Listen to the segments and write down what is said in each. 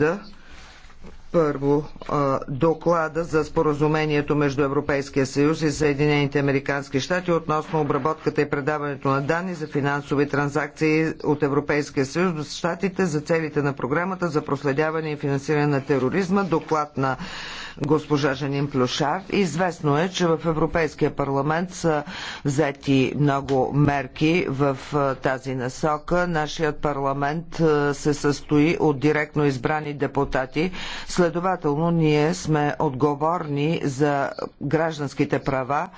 да първо доклада за споразумението между Европейския съюз и Съединените американски щати относно обработката и предаването на данни за финансови транзакции от Европейския съюз до щатите за целите на програмата за проследяване и финансиране на тероризма. Доклад на госпожа Жанин Плюшар. Известно е, че в Европейския парламент са взети много мерки в тази насока. Нашият парламент се състои от директно избрани депутати, Следователно, ние сме отговорни за гражданските права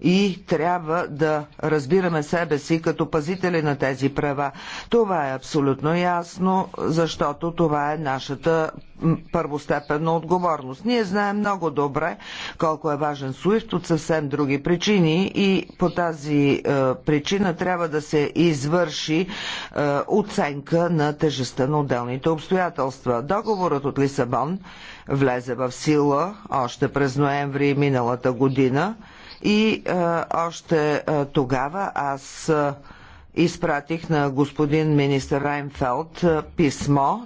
и трябва да разбираме себе си като пазители на тези права. Това е абсолютно ясно, защото това е нашата първостепенна отговорност. Ние знаем много добре колко е важен Суифт от съвсем други причини и по тази е, причина трябва да се извърши е, оценка на тежестта на отделните обстоятелства. Договорът от Лисабон влезе в сила още през ноември миналата година и е, още е, тогава аз е, изпратих на господин министър Райнфелд писмо,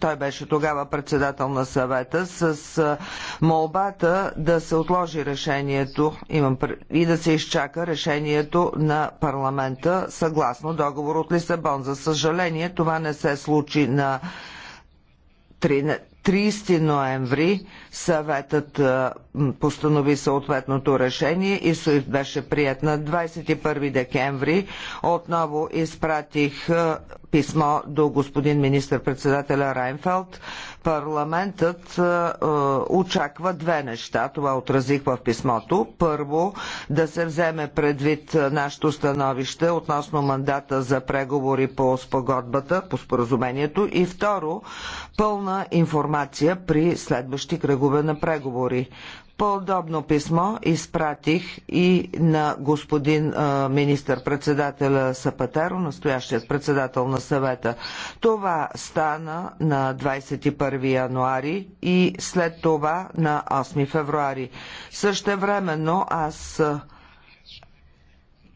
той беше тогава председател на съвета, с молбата да се отложи решението имам, и да се изчака решението на парламента съгласно договор от Лисабон. За съжаление, това не се случи на 30 ноември съветът постанови съответното решение и СУИФ беше прият на 21 декември. Отново изпратих писмо до господин министър-председателя Райнфелд Парламентът очаква две неща. Това отразих в писмото. Първо, да се вземе предвид нашето становище относно мандата за преговори по спогодбата, по споразумението. И второ, пълна информация при следващи кръгове на преговори. Подобно писмо изпратих и на господин министър-председателя Сапатеро, настоящият председател на съвета. Това стана на 21 януари и след това на 8 февруари. времено аз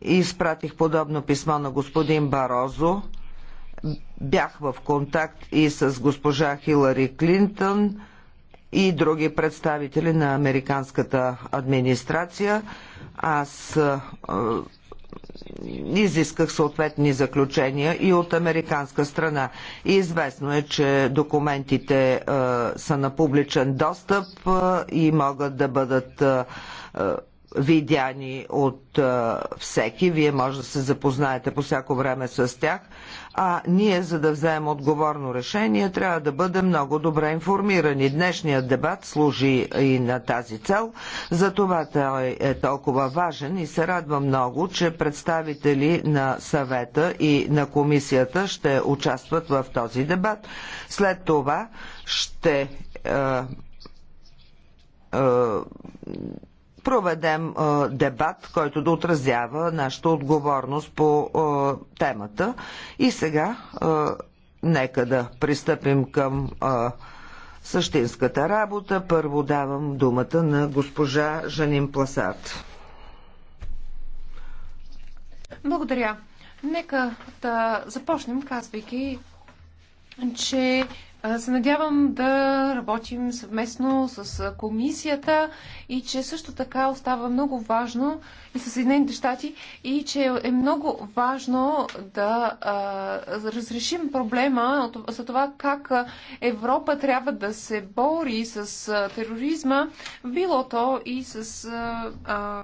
изпратих подобно писмо на господин Барозо. Бях в контакт и с госпожа Хилари Клинтън и други представители на американската администрация. Аз изисках съответни заключения и от американска страна. И известно е, че документите са на публичен достъп и могат да бъдат видяни от а, всеки. Вие може да се запознаете по всяко време с тях. А ние, за да вземем отговорно решение, трябва да бъдем много добре информирани. Днешният дебат служи и на тази цел. Затова той е толкова важен и се радва много, че представители на съвета и на комисията ще участват в този дебат. След това ще. А, а, проведем дебат, който да отразява нашата отговорност по темата. И сега нека да пристъпим към същинската работа. Първо давам думата на госпожа Жанин Пласат. Благодаря. Нека да започнем, казвайки, че се надявам да работим съвместно с комисията и че също така остава много важно и с Съединените щати и че е много важно да а, разрешим проблема за това как Европа трябва да се бори с тероризма, било то и с а, а,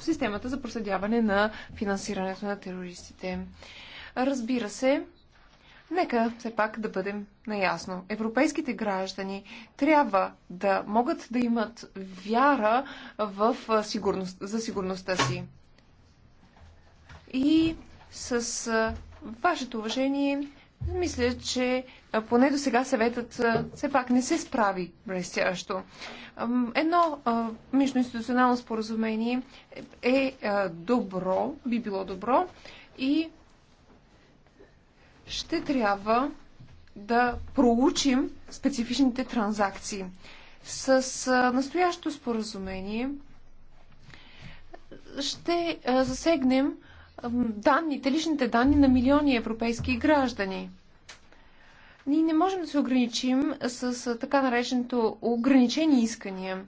системата за проследяване на финансирането на терористите. Разбира се, Нека все пак да бъдем наясно. Европейските граждани трябва да могат да имат вяра в сигурност, за сигурността си. И с вашето уважение, мисля, че поне до сега съветът все пак не се справи блестящо. Едно междуинституционално споразумение е, е добро, би било добро и ще трябва да проучим специфичните транзакции. С настоящото споразумение ще засегнем данните, личните данни на милиони европейски граждани. Ние не можем да се ограничим с така нареченото ограничени искания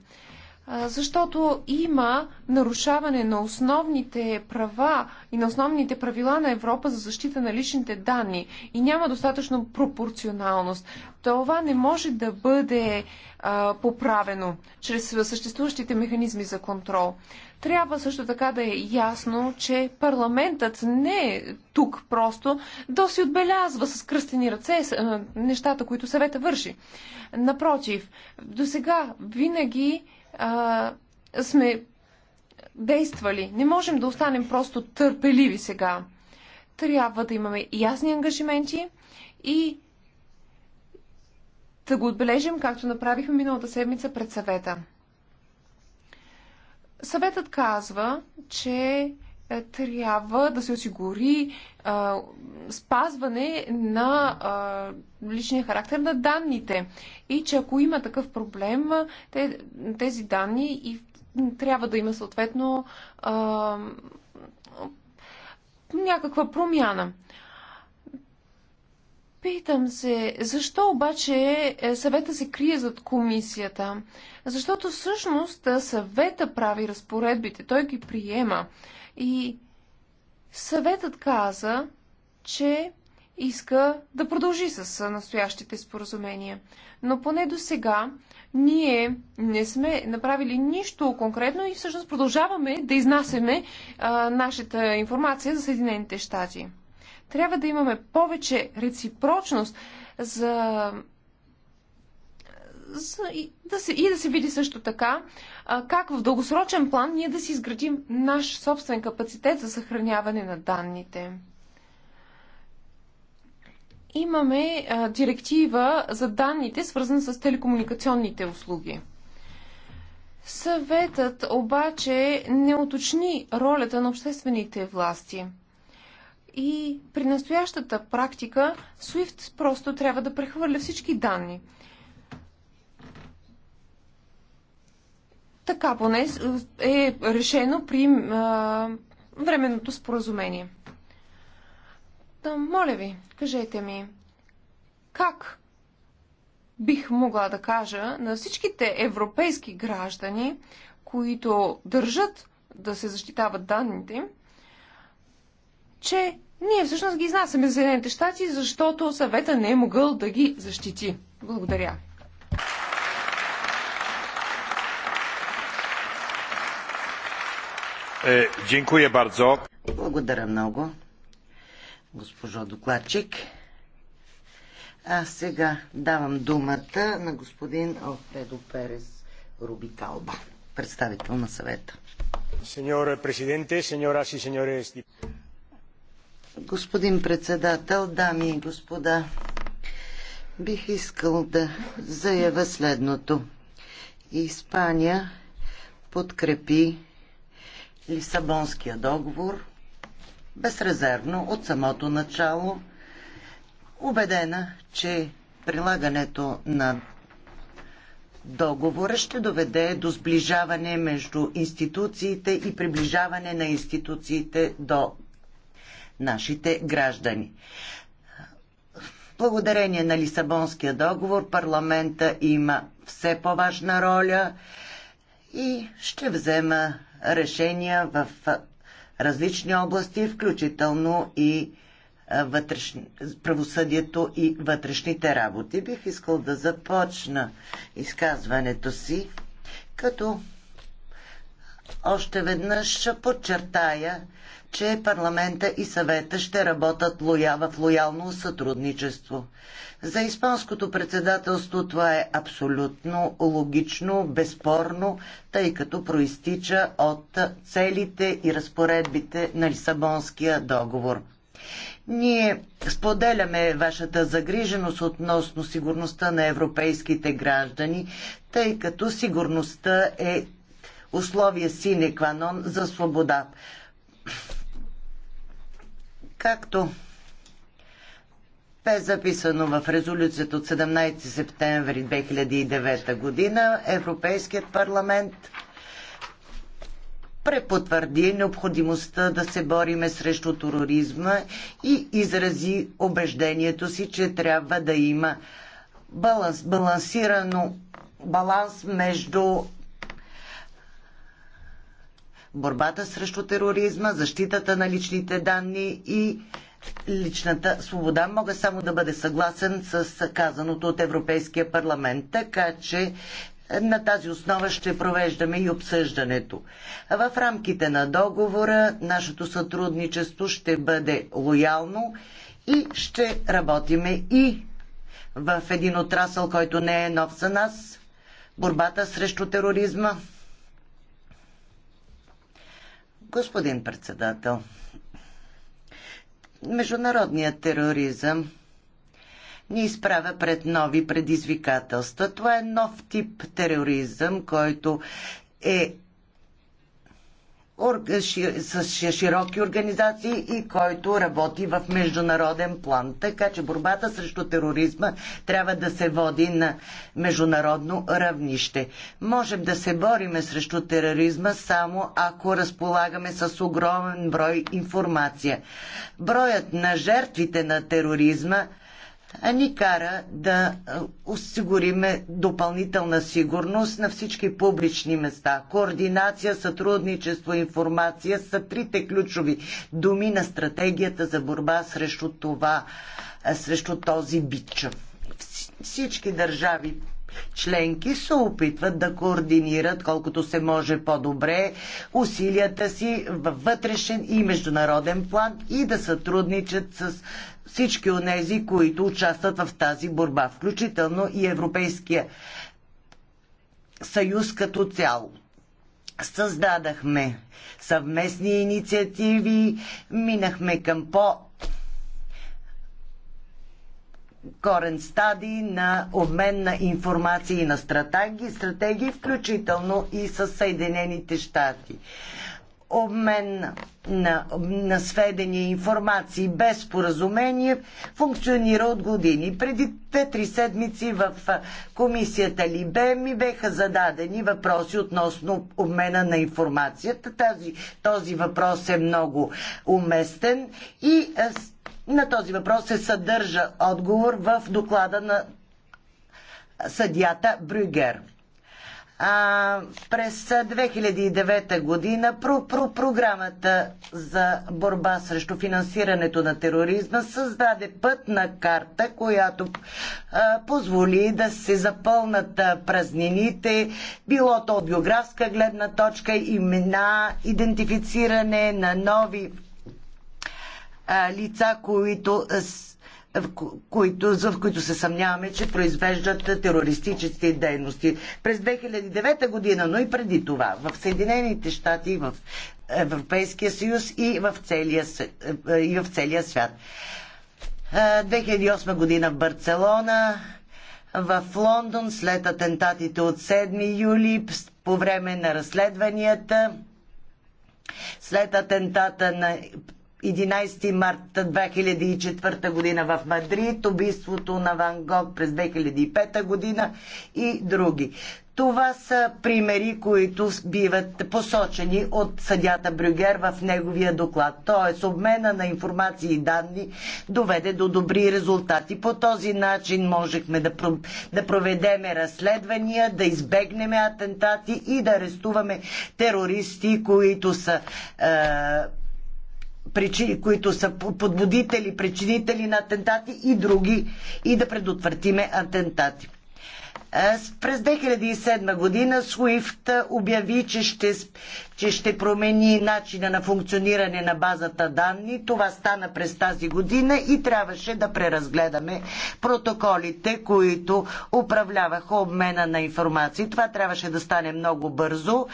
защото има нарушаване на основните права и на основните правила на Европа за защита на личните данни и няма достатъчно пропорционалност. Това не може да бъде а, поправено чрез съществуващите механизми за контрол. Трябва също така да е ясно, че парламентът не е тук просто да си отбелязва с кръстени ръце нещата, които съвета върши. Напротив, до сега винаги а, сме действали. Не можем да останем просто търпеливи сега. Трябва да имаме ясни ангажименти и да го отбележим, както направихме миналата седмица пред съвета. Съветът казва, че е, трябва да се осигури а, спазване на а, личния характер на данните. И че ако има такъв проблем, те, тези данни и трябва да има съответно а, някаква промяна. Питам се, защо обаче е, съвета се крие зад комисията? Защото всъщност е, съвета прави разпоредбите, той ги приема. И съветът каза, че иска да продължи с настоящите споразумения. Но поне до сега ние не сме направили нищо конкретно и всъщност продължаваме да изнасяме а, нашата информация за Съединените щати. Трябва да имаме повече реципрочност за за, и, да се, и да се види също така а, как в дългосрочен план ние да си изградим наш собствен капацитет за съхраняване на данните. Имаме а, директива за данните, свързана с телекомуникационните услуги. Съветът обаче не уточни ролята на обществените власти. И при настоящата практика SWIFT просто трябва да прехвърля всички данни – Така поне е решено при а, временното споразумение. Да, моля ви, кажете ми, как бих могла да кажа на всичките европейски граждани, които държат да се защитават данните, че ние всъщност ги изнасяме в Съединените щати, защото съвета не е могъл да ги защити. Благодаря. Дякую e, Благодаря много, госпожо докладчик. А сега давам думата на господин Алфредо Перес Рубикалба, представител на съвета. Сеньор президенте, Господин председател, дами и господа, бих искал да заявя следното. Испания подкрепи Лисабонския договор безрезервно от самото начало. Убедена, че прилагането на договора ще доведе до сближаване между институциите и приближаване на институциите до нашите граждани. Благодарение на Лисабонския договор парламента има все по-важна роля и ще взема решения в различни области, включително и вътрешни, правосъдието и вътрешните работи. Бих искал да започна изказването си, като още веднъж подчертая, че парламента и съвета ще работят лоя, в лоялно сътрудничество. За испанското председателство това е абсолютно логично, безспорно, тъй като проистича от целите и разпоредбите на Лисабонския договор. Ние споделяме вашата загриженост относно сигурността на европейските граждани, тъй като сигурността е условие сине кванон за свобода. Както бе записано в резолюцията от 17 септември 2009 година, Европейският парламент препотвърди необходимостта да се бориме срещу тероризма и изрази убеждението си, че трябва да има баланс, балансирано баланс между борбата срещу тероризма, защитата на личните данни и личната свобода. Мога само да бъде съгласен с казаното от Европейския парламент. Така че е, на тази основа ще провеждаме и обсъждането. В рамките на договора нашето сътрудничество ще бъде лоялно и ще работиме и в един отрасъл, който не е нов за нас борбата срещу тероризма. Господин председател, международният тероризъм ни изправя пред нови предизвикателства. Това е нов тип тероризъм, който е с широки организации и който работи в международен план. Така че борбата срещу тероризма трябва да се води на международно равнище. Можем да се бориме срещу тероризма само ако разполагаме с огромен брой информация. Броят на жертвите на тероризма ни кара да осигуриме допълнителна сигурност на всички публични места. Координация, сътрудничество, информация са трите ключови думи на стратегията за борба срещу това, срещу този бич. Всички държави членки се опитват да координират колкото се може по-добре усилията си във вътрешен и международен план и да сътрудничат с всички тези, които участват в тази борба, включително и Европейския съюз като цяло. Създадахме съвместни инициативи, минахме към по- корен стадий на обмен на информации и на стратегии, стратегии, включително и с Съединените щати. Обмен на, на сведения и информации без споразумение функционира от години. Преди 2-3 седмици в комисията Либе ми беха зададени въпроси относно обмена на информацията. Тази, този въпрос е много уместен и е, на този въпрос се съдържа отговор в доклада на съдията Брюгер. А, през 2009 година про, про, програмата за борба срещу финансирането на тероризма създаде пътна карта, която а, позволи да се запълнат празнините, било то от географска гледна точка, имена, идентифициране на нови лица, които, които, за които се съмняваме, че произвеждат терористически дейности. През 2009 година, но и преди това, в Съединените щати, в Европейския съюз и в целия, и в целия свят. 2008 година в Барселона, в Лондон след атентатите от 7 юли по време на разследванията, след атентата на 11 март 2004 година в Мадрид, убийството на Ван Гог през 2005 година и други. Това са примери, които биват посочени от съдята Брюгер в неговия доклад. Тоест, обмена на информации и данни доведе до добри резултати. По този начин можехме да, да проведеме разследвания, да избегнем атентати и да арестуваме терористи, които са е, причини, които са подбудители, причинители на атентати и други, и да предотвратиме атентати. Е, през 2007 година SWIFT обяви, че ще че ще промени начина на функциониране на базата данни. Това стана през тази година и трябваше да преразгледаме протоколите, които управляваха обмена на информации. Това трябваше да стане много бързо.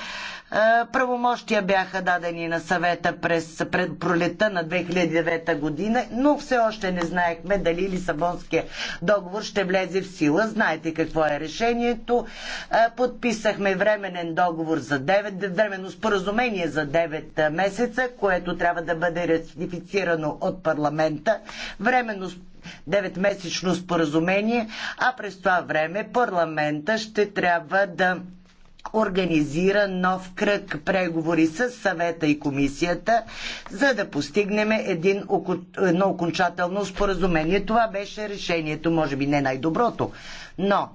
Е, правомощия бяха дадени на съвета през пролета на 2009 година, но все още не знаехме дали Лисабонския договор ще влезе в сила. Знаете какво е решението. Е, подписахме временен договор за 9, временно споразумение споразумение за 9 месеца, което трябва да бъде ратифицирано от парламента. Временно 9-месечно споразумение, а през това време парламента ще трябва да организира нов кръг преговори с съвета и комисията, за да постигнем един, едно окончателно споразумение. Това беше решението, може би не най-доброто, но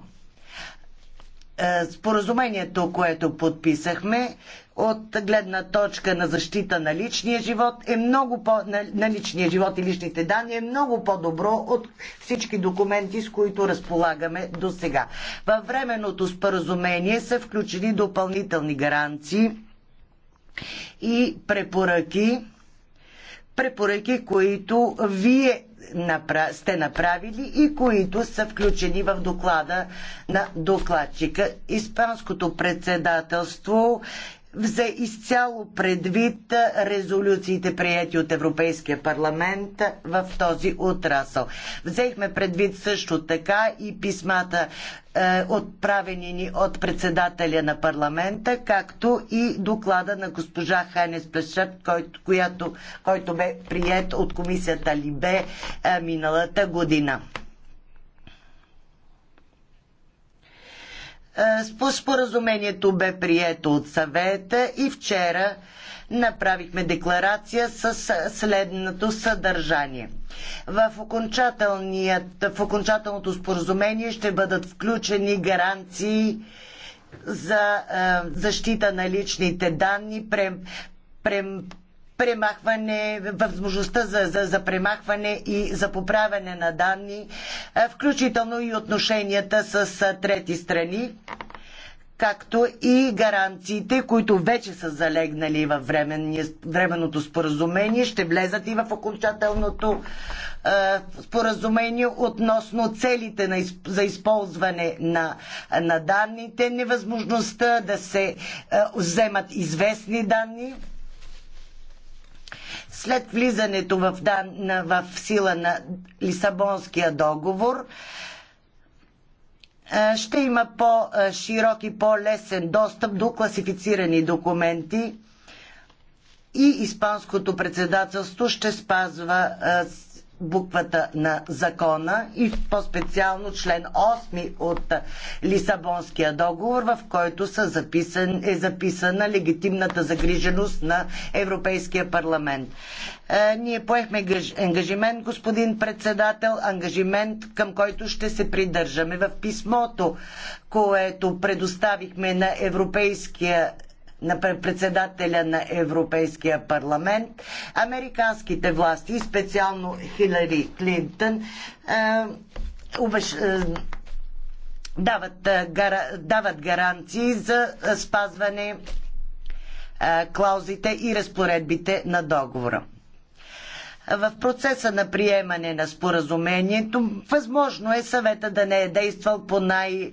е, споразумението, което подписахме, от гледна точка на защита на личния живот е много по, на, на личния живот и личните данни е много по-добро от всички документи, с които разполагаме до сега. Във временното споразумение са включени допълнителни гаранции и препоръки, препоръки, които вие сте направили и които са включени в доклада на докладчика. Испанското председателство взе изцяло предвид резолюциите, прияти от Европейския парламент в този отрасъл. Взехме предвид също така и писмата е, отправени ни от председателя на парламента, както и доклада на госпожа Ханес Плешет, който, който бе прият от комисията Либе е, миналата година. Е, споразумението бе прието от съвета и вчера направихме декларация с е, следното съдържание. В, в окончателното споразумение ще бъдат включени гаранции за е, защита на личните данни, прем, прем, премахване, възможността за, за, за премахване и за поправяне на данни, включително и отношенията с трети страни както и гаранциите, които вече са залегнали във временното споразумение, ще влезат и в окончателното споразумение относно целите на, за използване на, на данните, невъзможността да се вземат известни данни след влизането в, дан, в сила на Лисабонския договор е, ще има по-широк и по-лесен достъп до класифицирани документи и Испанското председателство ще спазва е, буквата на закона и по-специално член 8 от Лисабонския договор, в който са записан, е записана легитимната загриженост на Европейския парламент. Е, ние поехме ангажимент, господин председател, ангажимент към който ще се придържаме. В писмото, което предоставихме на Европейския на председателя на Европейския парламент, американските власти, специално Хилари Клинтън, обещ... дават, гара... дават гаранции за спазване клаузите и разпоредбите на договора. В процеса на приемане на споразумението, възможно е съвета да не е действал по най-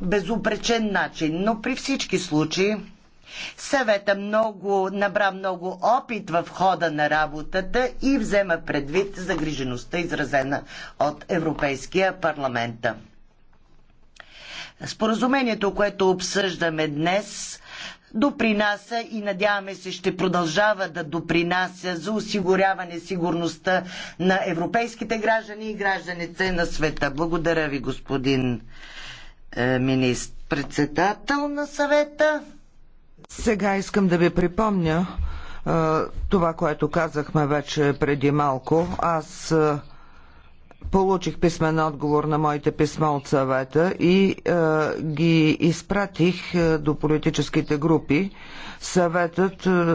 безупречен начин, но при всички случаи съвета много, набра много опит в хода на работата и взема предвид загрижеността, изразена от Европейския парламент. Споразумението, което обсъждаме днес, допринася и надяваме се ще продължава да допринася за осигуряване сигурността на европейските граждани и гражданите на света. Благодаря ви, господин е, министр председател на съвета. Сега искам да ви припомня е, това, което казахме вече преди малко. Аз е, получих писмен отговор на моите писма от съвета и е, ги изпратих е, до политическите групи. Съветът е,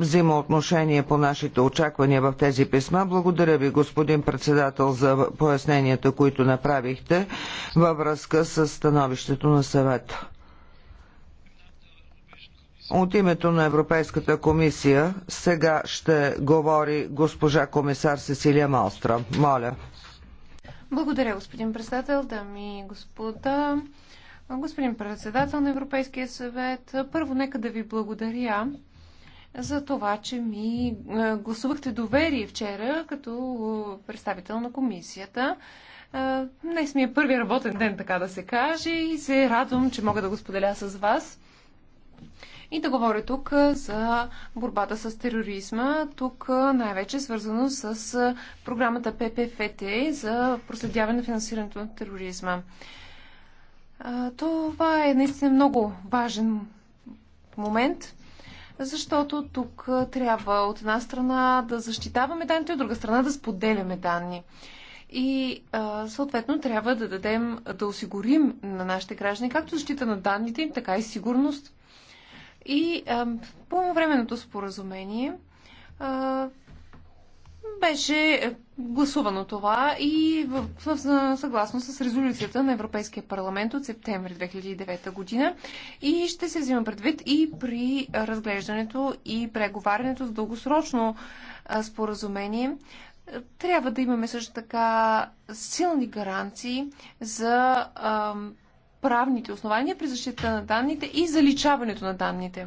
взима отношение по нашите очаквания в тези писма. Благодаря ви, господин председател, за поясненията, които направихте във връзка с становището на съвета. От името на Европейската комисия сега ще говори госпожа комисар Сесилия Малстра. Моля. Благодаря, господин председател, дами и господа. Господин председател на Европейския съвет, първо нека да ви благодаря за това, че ми е, гласувахте доверие вчера като представител на комисията. Е, днес ми е първият работен ден, така да се каже, и се радвам, че мога да го споделя с вас и да говоря тук за борбата с тероризма. Тук най-вече свързано с програмата ППФТ за проследяване на финансирането на тероризма. Това е наистина много важен момент, защото тук трябва от една страна да защитаваме данните, от друга страна да споделяме данни. И съответно трябва да дадем, да осигурим на нашите граждани както защита на данните им, така и сигурност и по времето споразумение а, беше е, гласувано това и в, в, съгласно с резолюцията на Европейския парламент от септември 2009 година и ще се взима предвид и при разглеждането и преговарянето с дългосрочно а, споразумение. Трябва да имаме също така силни гаранции за а, правните основания при защита на данните и заличаването на данните.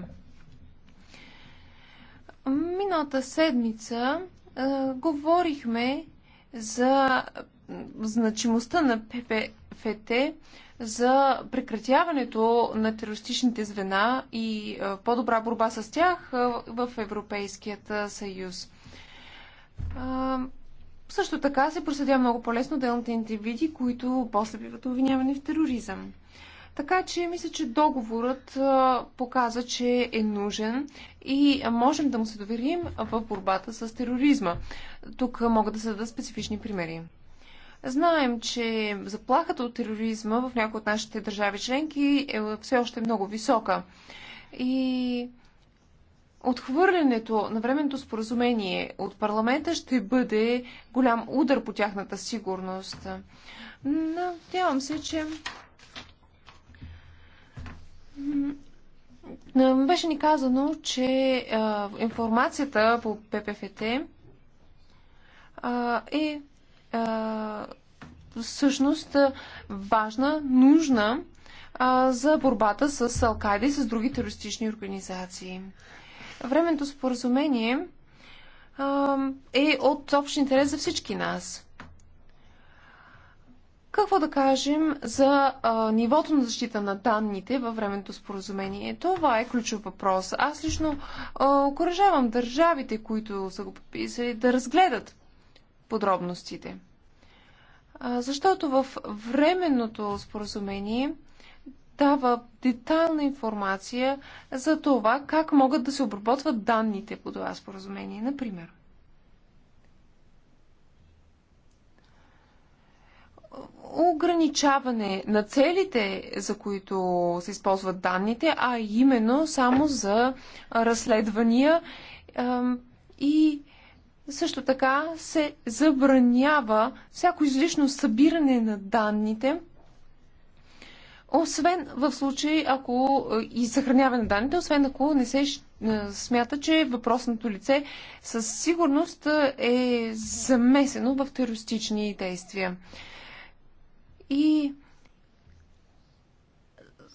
Миналата седмица а, говорихме за значимостта на ППФТ за прекратяването на терористичните звена и по-добра борба с тях в Европейският съюз. А, също така се проследява много по-лесно делните индивиди, които после биват обвинявани в тероризъм. Така че мисля, че договорът показа, че е нужен и можем да му се доверим в борбата с тероризма. Тук могат да се дадат специфични примери. Знаем, че заплахата от тероризма в някои от нашите държави членки е все още много висока. И отхвърлянето на временното споразумение от парламента ще бъде голям удар по тяхната сигурност. Надявам се, че беше ни казано, че а, информацията по ППФТ а, е а, всъщност важна, нужна а, за борбата с Алкайда и с други терористични организации. Временното споразумение а, е от общ интерес за всички нас. Какво да кажем за а, нивото на защита на данните във времето споразумение? Това е ключов въпрос. Аз лично окоръжавам държавите, които са го подписали, да разгледат подробностите. А, защото в временното споразумение дава детайлна информация за това как могат да се обработват данните по това споразумение, например. ограничаване на целите, за които се използват данните, а именно само за разследвания и също така се забранява всяко излишно събиране на данните, освен в случай, ако и съхраняване на данните, освен ако не се смята, че въпросното лице със сигурност е замесено в терористични действия. И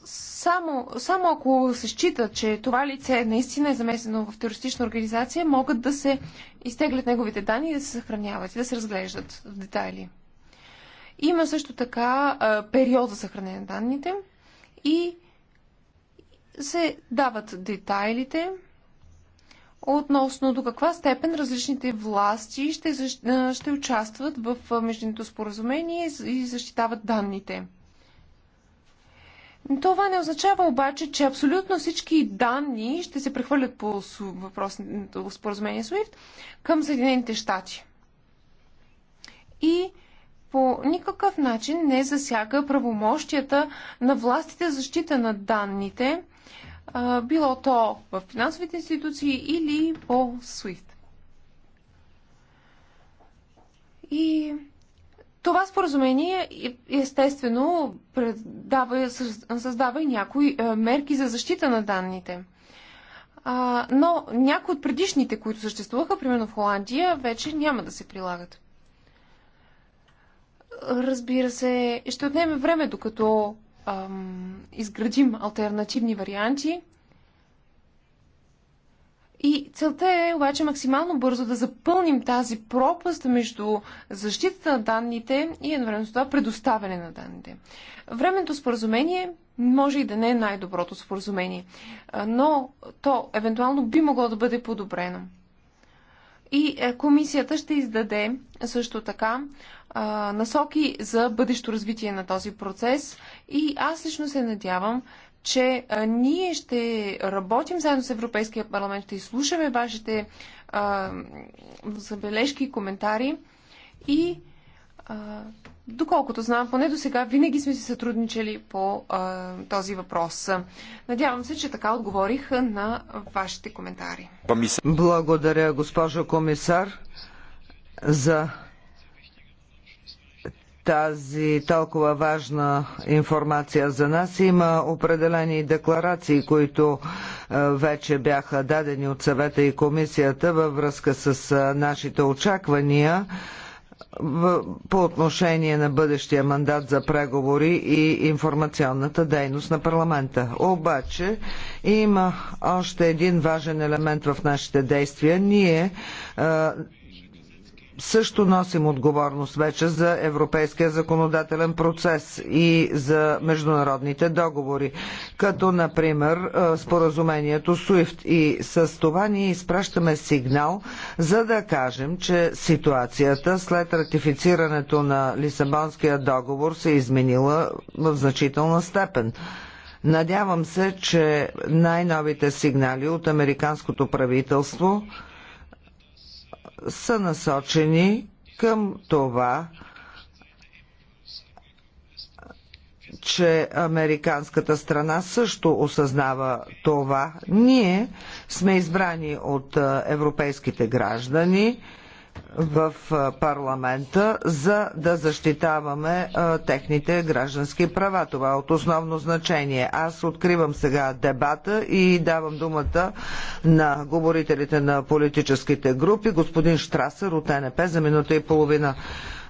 само, само ако се счита, че това лице наистина е замесено в терористична организация, могат да се изтеглят неговите данни и да се съхраняват и да се разглеждат в детайли. Има също така а, период за съхранение на данните и се дават детайлите относно до каква степен различните власти ще, защ... ще участват в междуното споразумение и защитават данните. Това не означава обаче, че абсолютно всички данни ще се прехвърлят по въпросното споразумение SWIFT към Съединените щати. И по никакъв начин не засяга правомощията на властите за защита на данните – било то в финансовите институции или по SWIFT. И това споразумение естествено предава, създава и някои мерки за защита на данните. Но някои от предишните, които съществуваха, примерно в Холандия, вече няма да се прилагат. Разбира се, ще отнеме време, докато ам, изградим альтернативни варианти. И целта е обаче максимално бързо да запълним тази пропаст между защитата на данните и едновременно с това предоставяне на данните. Временното споразумение може и да не е най-доброто споразумение, но то евентуално би могло да бъде подобрено. И е, комисията ще издаде също така а, насоки за бъдещо развитие на този процес и аз лично се надявам, че а, ние ще работим заедно с Европейския парламент, ще изслушаме вашите а, забележки и коментари и а, доколкото знам, поне до сега винаги сме се сътрудничали по а, този въпрос. Надявам се, че така отговорих на вашите коментари. Благодаря, госпожо комисар, за тази толкова важна информация за нас. Има определени декларации, които е, вече бяха дадени от съвета и комисията във връзка с е, нашите очаквания по отношение на бъдещия мандат за преговори и информационната дейност на парламента. Обаче има още един важен елемент в нашите действия. Ние е, също носим отговорност вече за европейския законодателен процес и за международните договори, като например е, споразумението SWIFT. И с това ние изпращаме сигнал, за да кажем, че ситуацията след ратифицирането на Лисабонския договор се е изменила в значителна степен. Надявам се, че най-новите сигнали от американското правителство са насочени към това, че американската страна също осъзнава това. Ние сме избрани от европейските граждани в парламента, за да защитаваме а, техните граждански права. Това е от основно значение. Аз откривам сега дебата и давам думата на говорителите на политическите групи. Господин Штрасър от НП за минута и половина.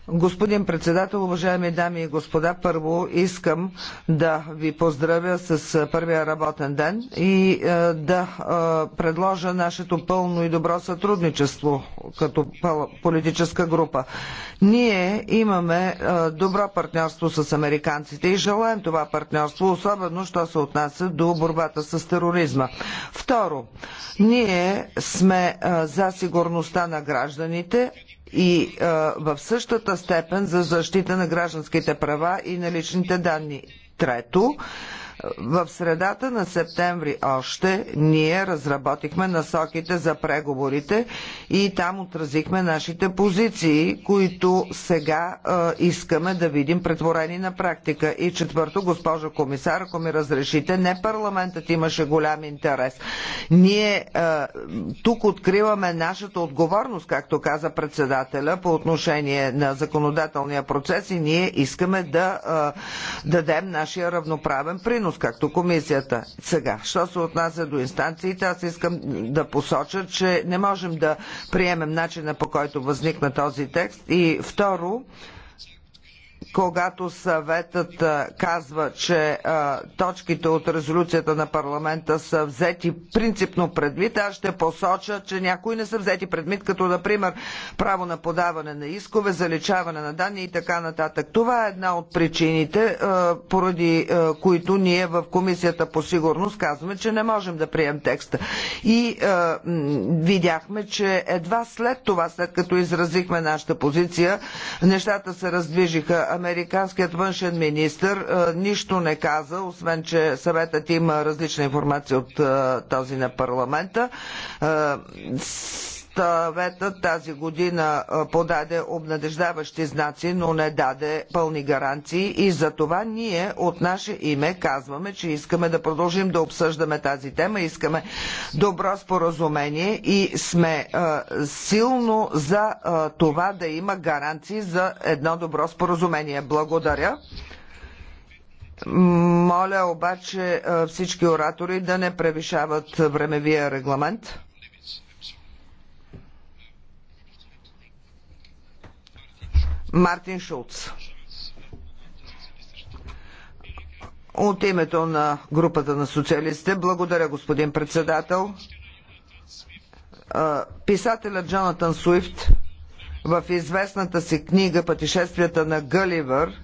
Господин председател, уважаеми дами и господа, първо искам да ви поздравя с първия работен ден и да предложа нашето пълно и добро сътрудничество като политическа група. Ние имаме добро партньорство с американците и желаем това партньорство, особено що се отнася до борбата с тероризма. Второ, ние сме за сигурността на гражданите, и в същата степен за защита на гражданските права и на личните данни. Трето, в средата на септември още ние разработихме насоките за преговорите и там отразихме нашите позиции, които сега е, искаме да видим претворени на практика. И четвърто, госпожо комисар, ако ми разрешите, не парламентът имаше голям интерес. Ние е, тук откриваме нашата отговорност, както каза председателя, по отношение на законодателния процес и ние искаме да е, дадем нашия равноправен принос дейност, както комисията. Сега, що се отнася до инстанциите, аз искам да посоча, че не можем да приемем начина по който възникна този текст. И второ, когато съветът казва, че точките от резолюцията на парламента са взети принципно предвид, аз ще посоча, че някои не са взети предвид, като например право на подаване на искове, заличаване на данни и така нататък. Това е една от причините, поради които ние в Комисията по сигурност казваме, че не можем да прием текста. И видяхме, че едва след това, след като изразихме нашата позиция, нещата се раздвижиха ами, американският външен министр нищо не каза, освен че съветът има различна информация от този на парламента. Съвета тази година подаде обнадеждаващи знаци, но не даде пълни гаранции и за това ние от наше име казваме, че искаме да продължим да обсъждаме тази тема, искаме добро споразумение и сме силно за това да има гаранции за едно добро споразумение. Благодаря. Моля обаче всички оратори да не превишават времевия регламент. Мартин Шулц. От името на групата на социалистите, благодаря господин председател. Писателя Джонатан Суифт в известната си книга Пътешествията на Гъливър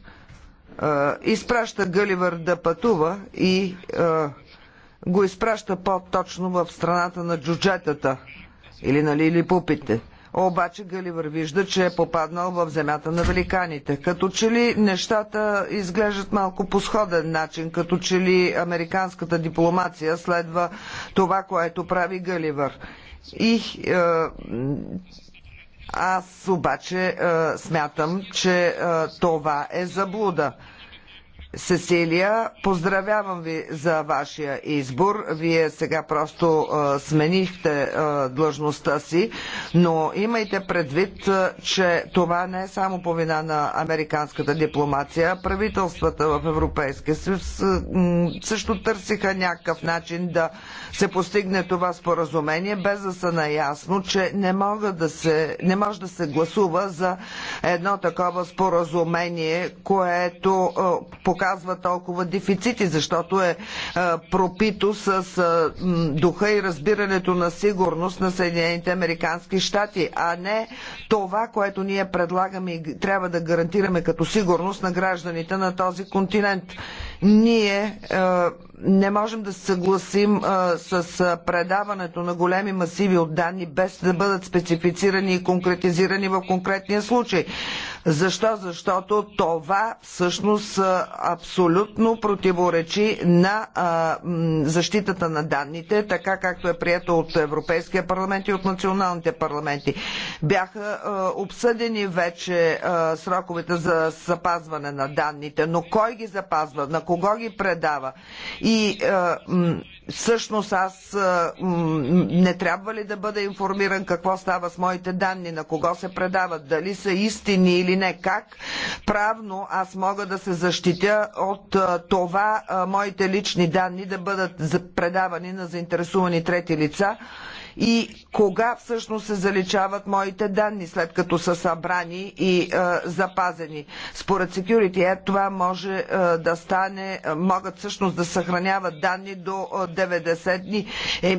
изпраща Гъливър да пътува и го изпраща по-точно в страната на джуджетата или на лилипупите. пупите. Обаче Галивър вижда, че е попаднал в земята на великаните. Като че ли нещата изглеждат малко по сходен начин, като че ли американската дипломация следва това, което прави Галивър. И е, аз обаче е, смятам, че е, това е заблуда. Сесилия, поздравявам ви за вашия избор. Вие сега просто а, е, сменихте а, е, длъжността си, но имайте предвид, а, е, че това не е само по вина на американската дипломация. Правителствата в Европейския съюз също търсиха някакъв начин да се постигне това споразумение, без да са наясно, че не, мога да се, не може да се гласува за едно такова споразумение, което а, показва толкова дефицити, защото е, е пропито с е, духа и разбирането на сигурност на Съединените Американски щати, а не това, което ние предлагаме и трябва да гарантираме като сигурност на гражданите на този континент. Ние е, не можем да се съгласим с предаването на големи масиви от данни без да бъдат специфицирани и конкретизирани в конкретния случай. Защо? Защото това всъщност абсолютно противоречи на защитата на данните, така както е прието от Европейския парламент и от националните парламенти. Бяха обсъдени вече сроковете за запазване на данните, но кой ги запазва, на кого ги предава и всъщност аз не трябва ли да бъда информиран какво става с моите данни, на кого се предават, дали са истини или не, как правно аз мога да се защитя от това моите лични данни да бъдат предавани на заинтересувани трети лица и кога всъщност се заличават моите данни, след като са събрани и а, е, запазени. Според Security Act това може а, е, да стане, е, могат всъщност да съхраняват данни до 90 дни, е,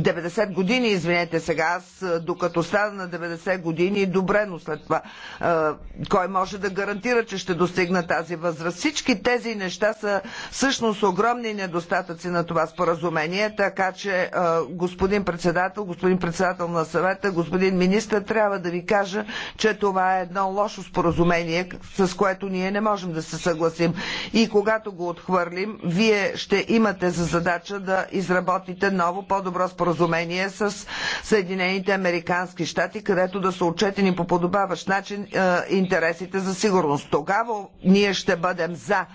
90 години, извинете сега, аз докато стана на 90 години, добре, но след това а, кой може да гарантира, че ще достигна тази възраст? Всички тези неща са всъщност огромни недостатъци на това споразумение, така че а, господин председател, председател, господин председател на съвета, господин министр, трябва да ви кажа, че това е едно лошо споразумение, с което ние не можем да се съгласим. И когато го отхвърлим, вие ще имате за задача да изработите ново, по-добро споразумение с Съединените Американски щати, където да са отчетени по подобаващ начин е, интересите за сигурност. Тогава ние ще бъдем за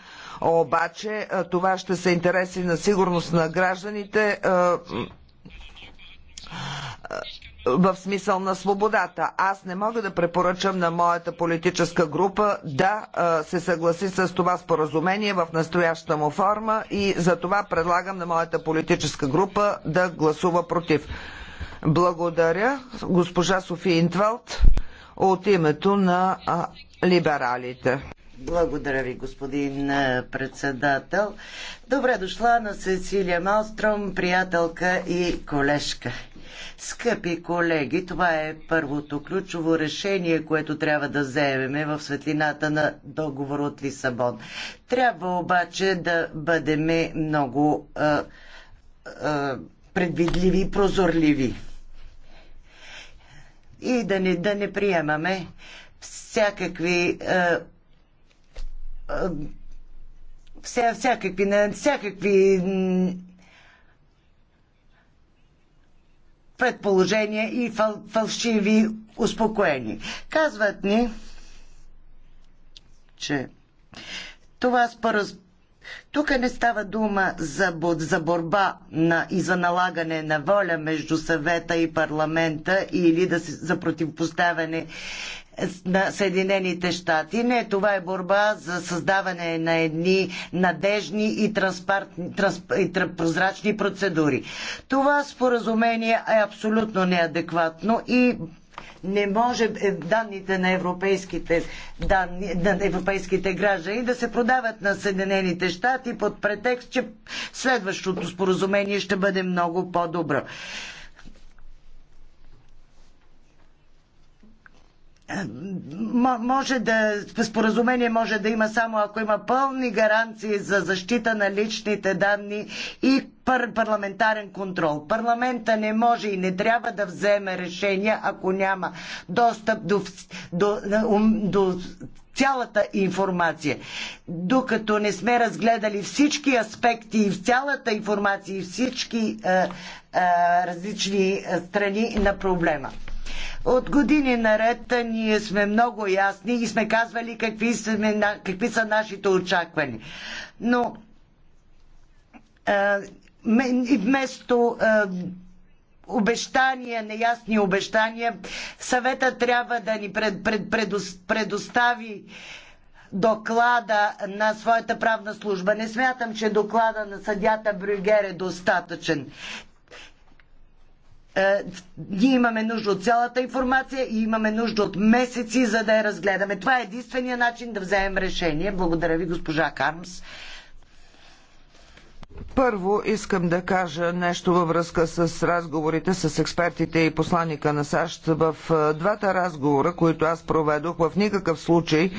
обаче е, това ще са интереси на сигурност на гражданите. Е, в смисъл на свободата. Аз не мога да препоръчам на моята политическа група да се съгласи с това споразумение в настояща му форма и за това предлагам на моята политическа група да гласува против. Благодаря, госпожа Софи Интвалт, от името на либералите. Благодаря ви, господин председател. Добре дошла на Сесилия Малстром, приятелка и колежка. Скъпи колеги, това е първото ключово решение, което трябва да вземеме в светлината на договор от Лисабон. Трябва обаче да бъдем много а, а, предвидливи и прозорливи. И да не, да не приемаме всякакви а, вся, всякакви, всякакви предположения и фал, фалшиви успокоени. Казват ни, че това споразумение тук не става дума за, за борба на, и за налагане на воля между съвета и парламента или да се, за противопоставяне на Съединените щати. Не, това е борба за създаване на едни надежни и, трансп... и прозрачни процедури. Това споразумение е абсолютно неадекватно и не може е, данните на европейските, данни, на европейските граждани да се продават на Съединените щати под претекст, че следващото споразумение ще бъде много по-добро. може да, споразумение може да има само ако има пълни гаранции за защита на личните данни и парламентарен контрол. Парламента не може и не трябва да вземе решения, ако няма достъп до, до, до цялата информация. Докато не сме разгледали всички аспекти и цялата информация и всички а, е, а, е, различни е, страни на проблема. От години наред ние сме много ясни и сме казвали какви, сме, какви са нашите очаквания. Но а, вместо а, обещания, неясни обещания, съвета трябва да ни пред, пред, пред, предостави доклада на своята правна служба. Не смятам, че доклада на съдята Брюгер е достатъчен. Е, ние имаме нужда от цялата информация и имаме нужда от месеци, за да я разгледаме. Това е единствения начин да вземем решение. Благодаря ви, госпожа Кармс. Първо искам да кажа нещо във връзка с разговорите с експертите и посланника на САЩ. В е, двата разговора, които аз проведох, в никакъв случай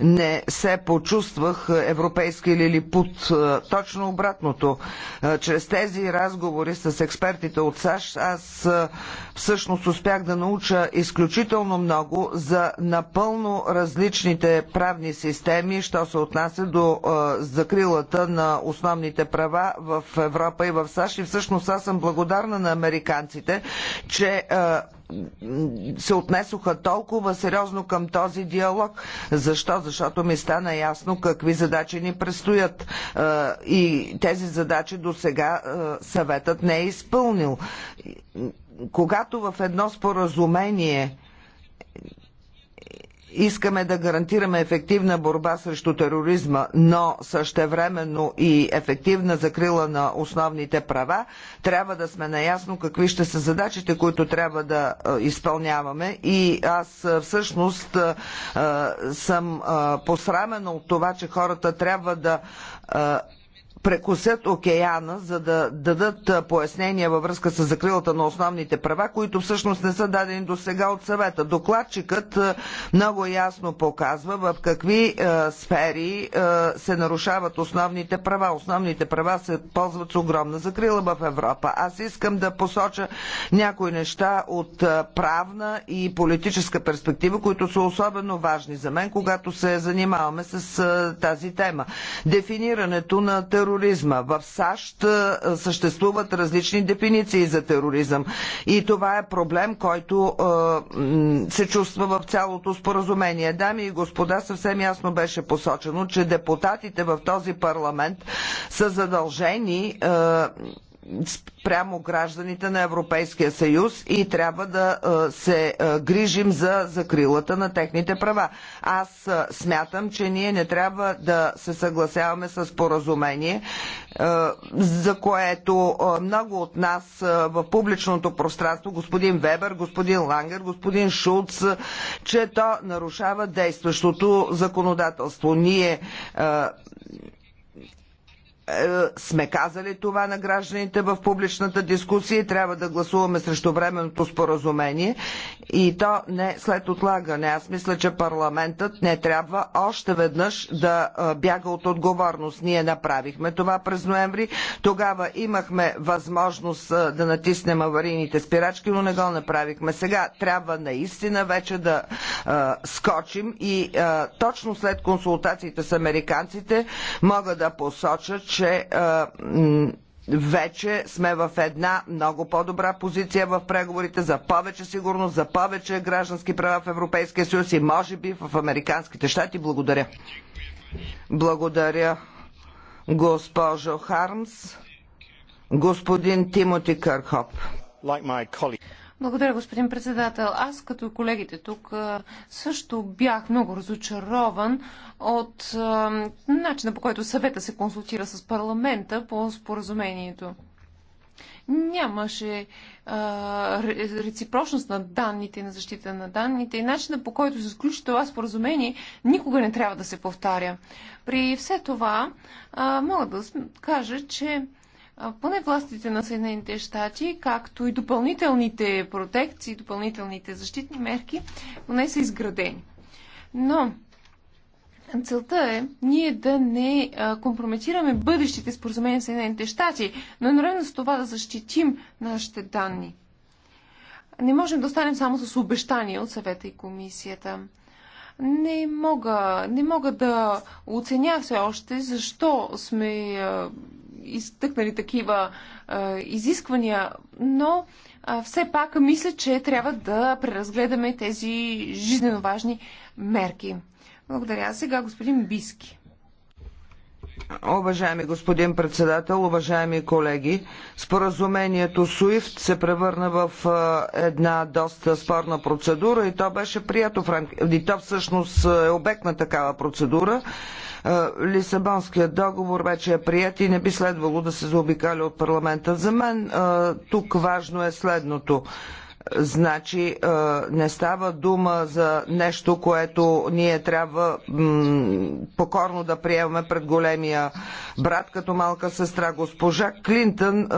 не се почувствах европейски лилипут. Е, точно обратното. Е, чрез тези разговори с експертите от САЩ аз е, всъщност успях да науча изключително много за напълно различните правни системи, що се отнася до закрилата на основните права в Европа и в САЩ. И всъщност аз съм благодарна на американците, че се отнесоха толкова сериозно към този диалог. Защо? Защото ми стана ясно какви задачи ни предстоят. И тези задачи до сега съветът не е изпълнил. Когато в едно споразумение искаме да гарантираме ефективна борба срещу тероризма, но същевременно и ефективна закрила на основните права, трябва да сме наясно какви ще са задачите, които трябва да изпълняваме. И аз всъщност съм посрамена от това, че хората трябва да прекусят океана, за да дадат пояснения във връзка с закрилата на основните права, които всъщност не са дадени до сега от съвета. Докладчикът много ясно показва в какви сфери се нарушават основните права. Основните права се ползват с огромна закрила в Европа. Аз искам да посоча някои неща от правна и политическа перспектива, които са особено важни за мен, когато се занимаваме с тази тема. Дефинирането на тероризма тероризма. В САЩ съществуват различни дефиниции за тероризъм и това е проблем, който се чувства в цялото споразумение. Дами и господа, съвсем ясно беше посочено, че депутатите в този парламент са задължени спрямо гражданите на Европейския съюз и трябва да се грижим за закрилата на техните права. Аз смятам, че ние не трябва да се съгласяваме с поразумение, за което много от нас в публичното пространство, господин Вебер, господин Лангер, господин Шулц, че то нарушава действащото законодателство. Ние е, сме казали това на гражданите в публичната дискусия и трябва да гласуваме срещу временното споразумение и то не след отлагане. Аз мисля, че парламентът не трябва още веднъж да е, бяга от отговорност. Ние направихме това през ноември. Тогава имахме възможност е, да натиснем аварийните спирачки, но не го направихме. Сега трябва наистина вече да а, скочим и а, точно след консултациите с американците мога да посоча, че че вече сме в една много по-добра позиция в преговорите за повече сигурност, за повече граждански права в Европейския съюз и може би в Американските щати. Благодаря. Благодаря, госпожо Хармс. Господин Тимоти Кърхоп. Like благодаря, господин председател. Аз, като колегите тук, също бях много разочарован от начина по който съвета се консултира с парламента по споразумението. Нямаше а, реципрочност на данните, на защита на данните и начина по който се сключи това споразумение никога не трябва да се повтаря. При все това а, мога да кажа, че поне властите на Съединените щати, както и допълнителните протекции, допълнителните защитни мерки, поне са изградени. Но целта е ние да не компрометираме бъдещите споразумения на Съединените щати, но едновременно с това да защитим нашите данни. Не можем да останем само с обещания от съвета и комисията не мога, не мога да оценя все още защо сме изтъкнали такива а, изисквания, но а, все пак мисля, че трябва да преразгледаме тези жизненно важни мерки. Благодаря. Сега господин Биски. Уважаеми господин председател, уважаеми колеги, споразумението SWIFT се превърна в една доста спорна процедура и то беше прието в И то всъщност е обект на такава процедура. Лисабонският договор вече е прият и не би следвало да се заобикаля от парламента. За мен тук важно е следното. Значи не става дума за нещо, което ние трябва покорно да приемаме пред големия брат като малка сестра. Госпожа Клинтън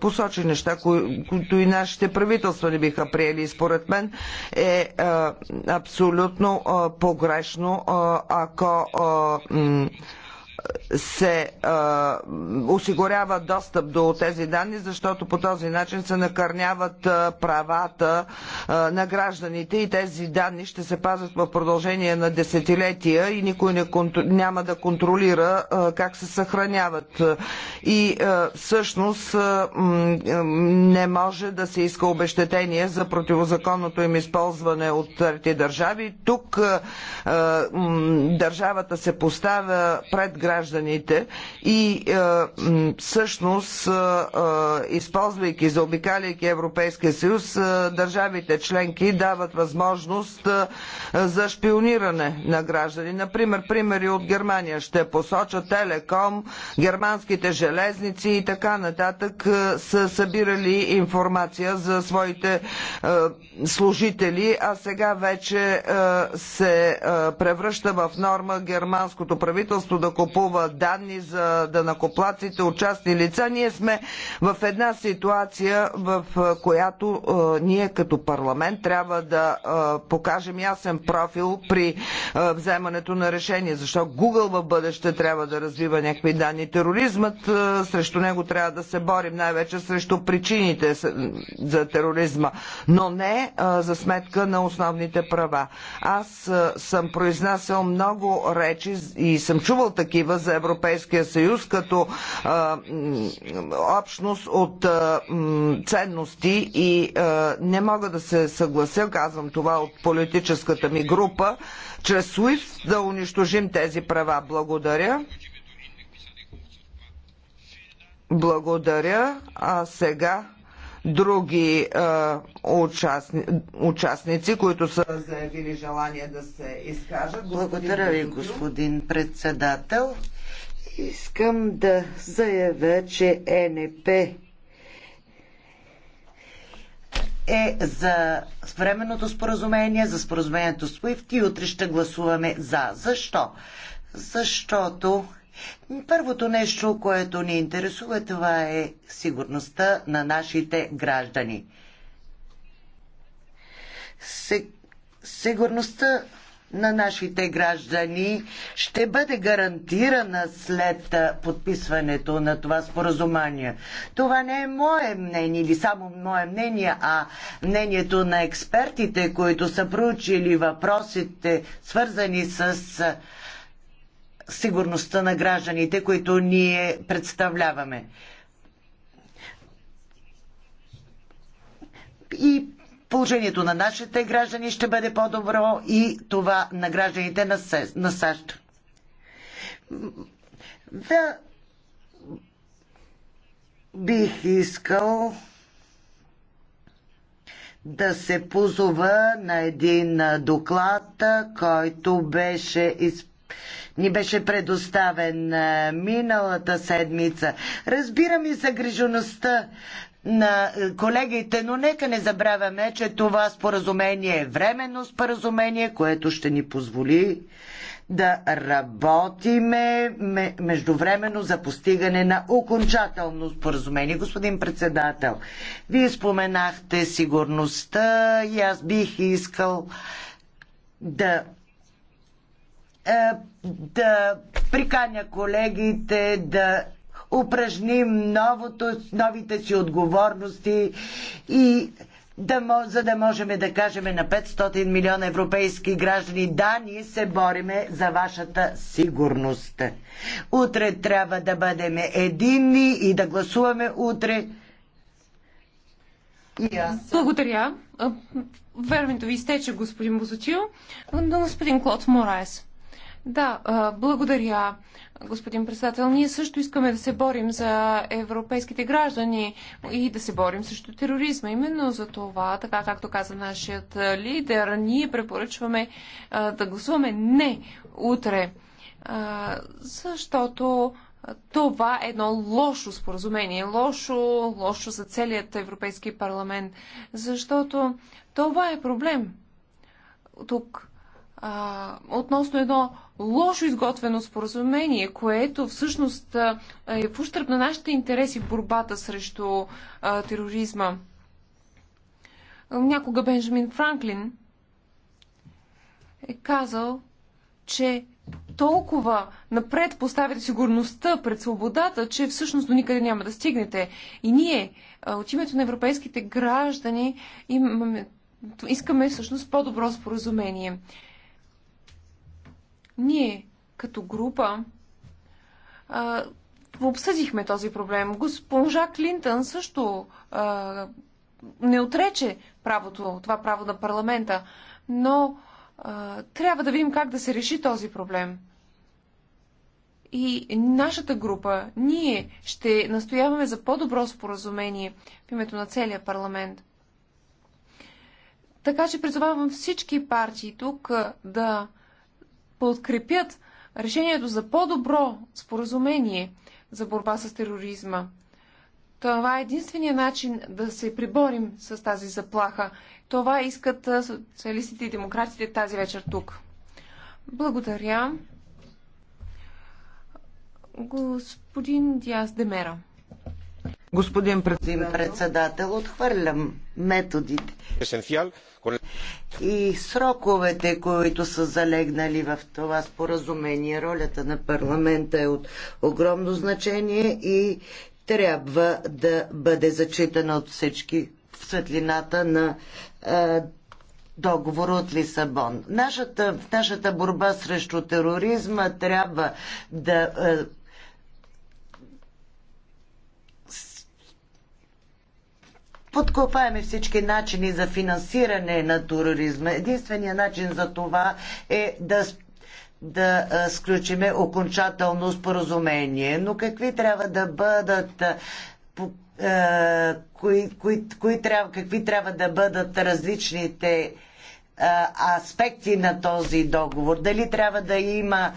посочи неща, които и нашите правителства не биха приели. И според мен е абсолютно погрешно, ако се а, осигурява достъп до тези данни, защото по този начин се накърняват правата а, на гражданите и тези данни ще се пазят в продължение на десетилетия и никой не контр... няма да контролира а, как се съхраняват. И всъщност не може да се иска обещетение за противозаконното им използване от трети държави. Тук държавата се поставя пред гражданите гражданите и е, всъщност е, е, използвайки, заобикаляйки Европейския съюз, държавите членки дават възможност за шпиониране на граждани. Например, примери от Германия ще посоча Телеком, германските железници и така нататък са събирали информация за своите служители, а сега вече се превръща в норма германското правителство да купува публикува данни за данакоплаците от частни лица, ние сме в една ситуация, в която ние като парламент трябва да покажем ясен профил при вземането на решение. Защо Google в бъдеще трябва да развива някакви данни? Тероризмът, срещу него трябва да се борим, най-вече срещу причините за тероризма, но не за сметка на основните права. Аз съм произнасял много речи и съм чувал такива директива за Европейския съюз като а, общност от а, ценности и а, не мога да се съглася, казвам това от политическата ми група, чрез SWIFT да унищожим тези права. Благодаря. Благодаря. А сега други участни, участници, които са заявили желание да се изкажат. Благодаря ви, господин председател. Искам да заявя, че е НП е за временното споразумение, за споразумението с SWIFT и утре ще гласуваме за. Защо? Защото Първото нещо, което ни интересува, това е сигурността на нашите граждани. Сигурността на нашите граждани ще бъде гарантирана след подписването на това споразумение. Това не е мое мнение или само мое мнение, а мнението на експертите, които са проучили въпросите, свързани с сигурността на гражданите, които ние представляваме. И положението на нашите граждани ще бъде по-добро и това на гражданите на САЩ. Да, бих искал да се позова на един доклад, който беше изпълнен ни беше предоставен миналата седмица. Разбирам и загрижеността на колегите, но нека не забравяме, че това споразумение е временно споразумение, което ще ни позволи да работиме междувременно за постигане на окончателно споразумение. Господин председател, вие споменахте сигурността и аз бих искал да е, да приканя колегите да упражним новото, новите си отговорности и да, за да можем да кажем на 500 милиона европейски граждани да, ние се бориме за вашата сигурност. Утре трябва да бъдем единни и да гласуваме утре. аз. Благодаря. Времето ви изтече, господин Бозотил. господин Клод Мораес. Да, благодаря, господин председател. Ние също искаме да се борим за европейските граждани и да се борим срещу тероризма. Именно за това, така както каза нашият лидер, ние препоръчваме да гласуваме не утре, защото това е едно лошо споразумение, лошо, лошо за целият Европейски парламент, защото това е проблем тук а, относно едно лошо изготвено споразумение, което всъщност е в ущърп на нашите интереси в борбата срещу а, тероризма. Някога Бенджамин Франклин е казал, че толкова напред поставяте сигурността пред свободата, че всъщност до никъде няма да стигнете. И ние от името на европейските граждани имаме, искаме всъщност по-добро споразумение. Ние като група а, обсъдихме този проблем. Госпожа Клинтън също а, не отрече правото, това право на парламента, но а, трябва да видим как да се реши този проблем. И нашата група, ние ще настояваме за по-добро споразумение в името на целия парламент. Така че призовавам всички партии тук да подкрепят решението за по-добро споразумение за борба с тероризма. Това е единствения начин да се приборим с тази заплаха. Това искат социалистите и демократите тази вечер тук. Благодаря. Господин Диас Демера. Господин председател, отхвърлям методите и сроковете, които са залегнали в това споразумение. Ролята на парламента е от огромно значение и трябва да бъде зачитана от всички в светлината на договор договора от Лисабон. Нашата, нашата борба срещу тероризма трябва да подкопаеме всички начини за финансиране на тероризма. Единственият начин за това е да да сключиме окончателно споразумение. Но какви трябва да бъдат кои, кои, кои трябва, какви трябва да бъдат различните аспекти на този договор. Дали трябва да има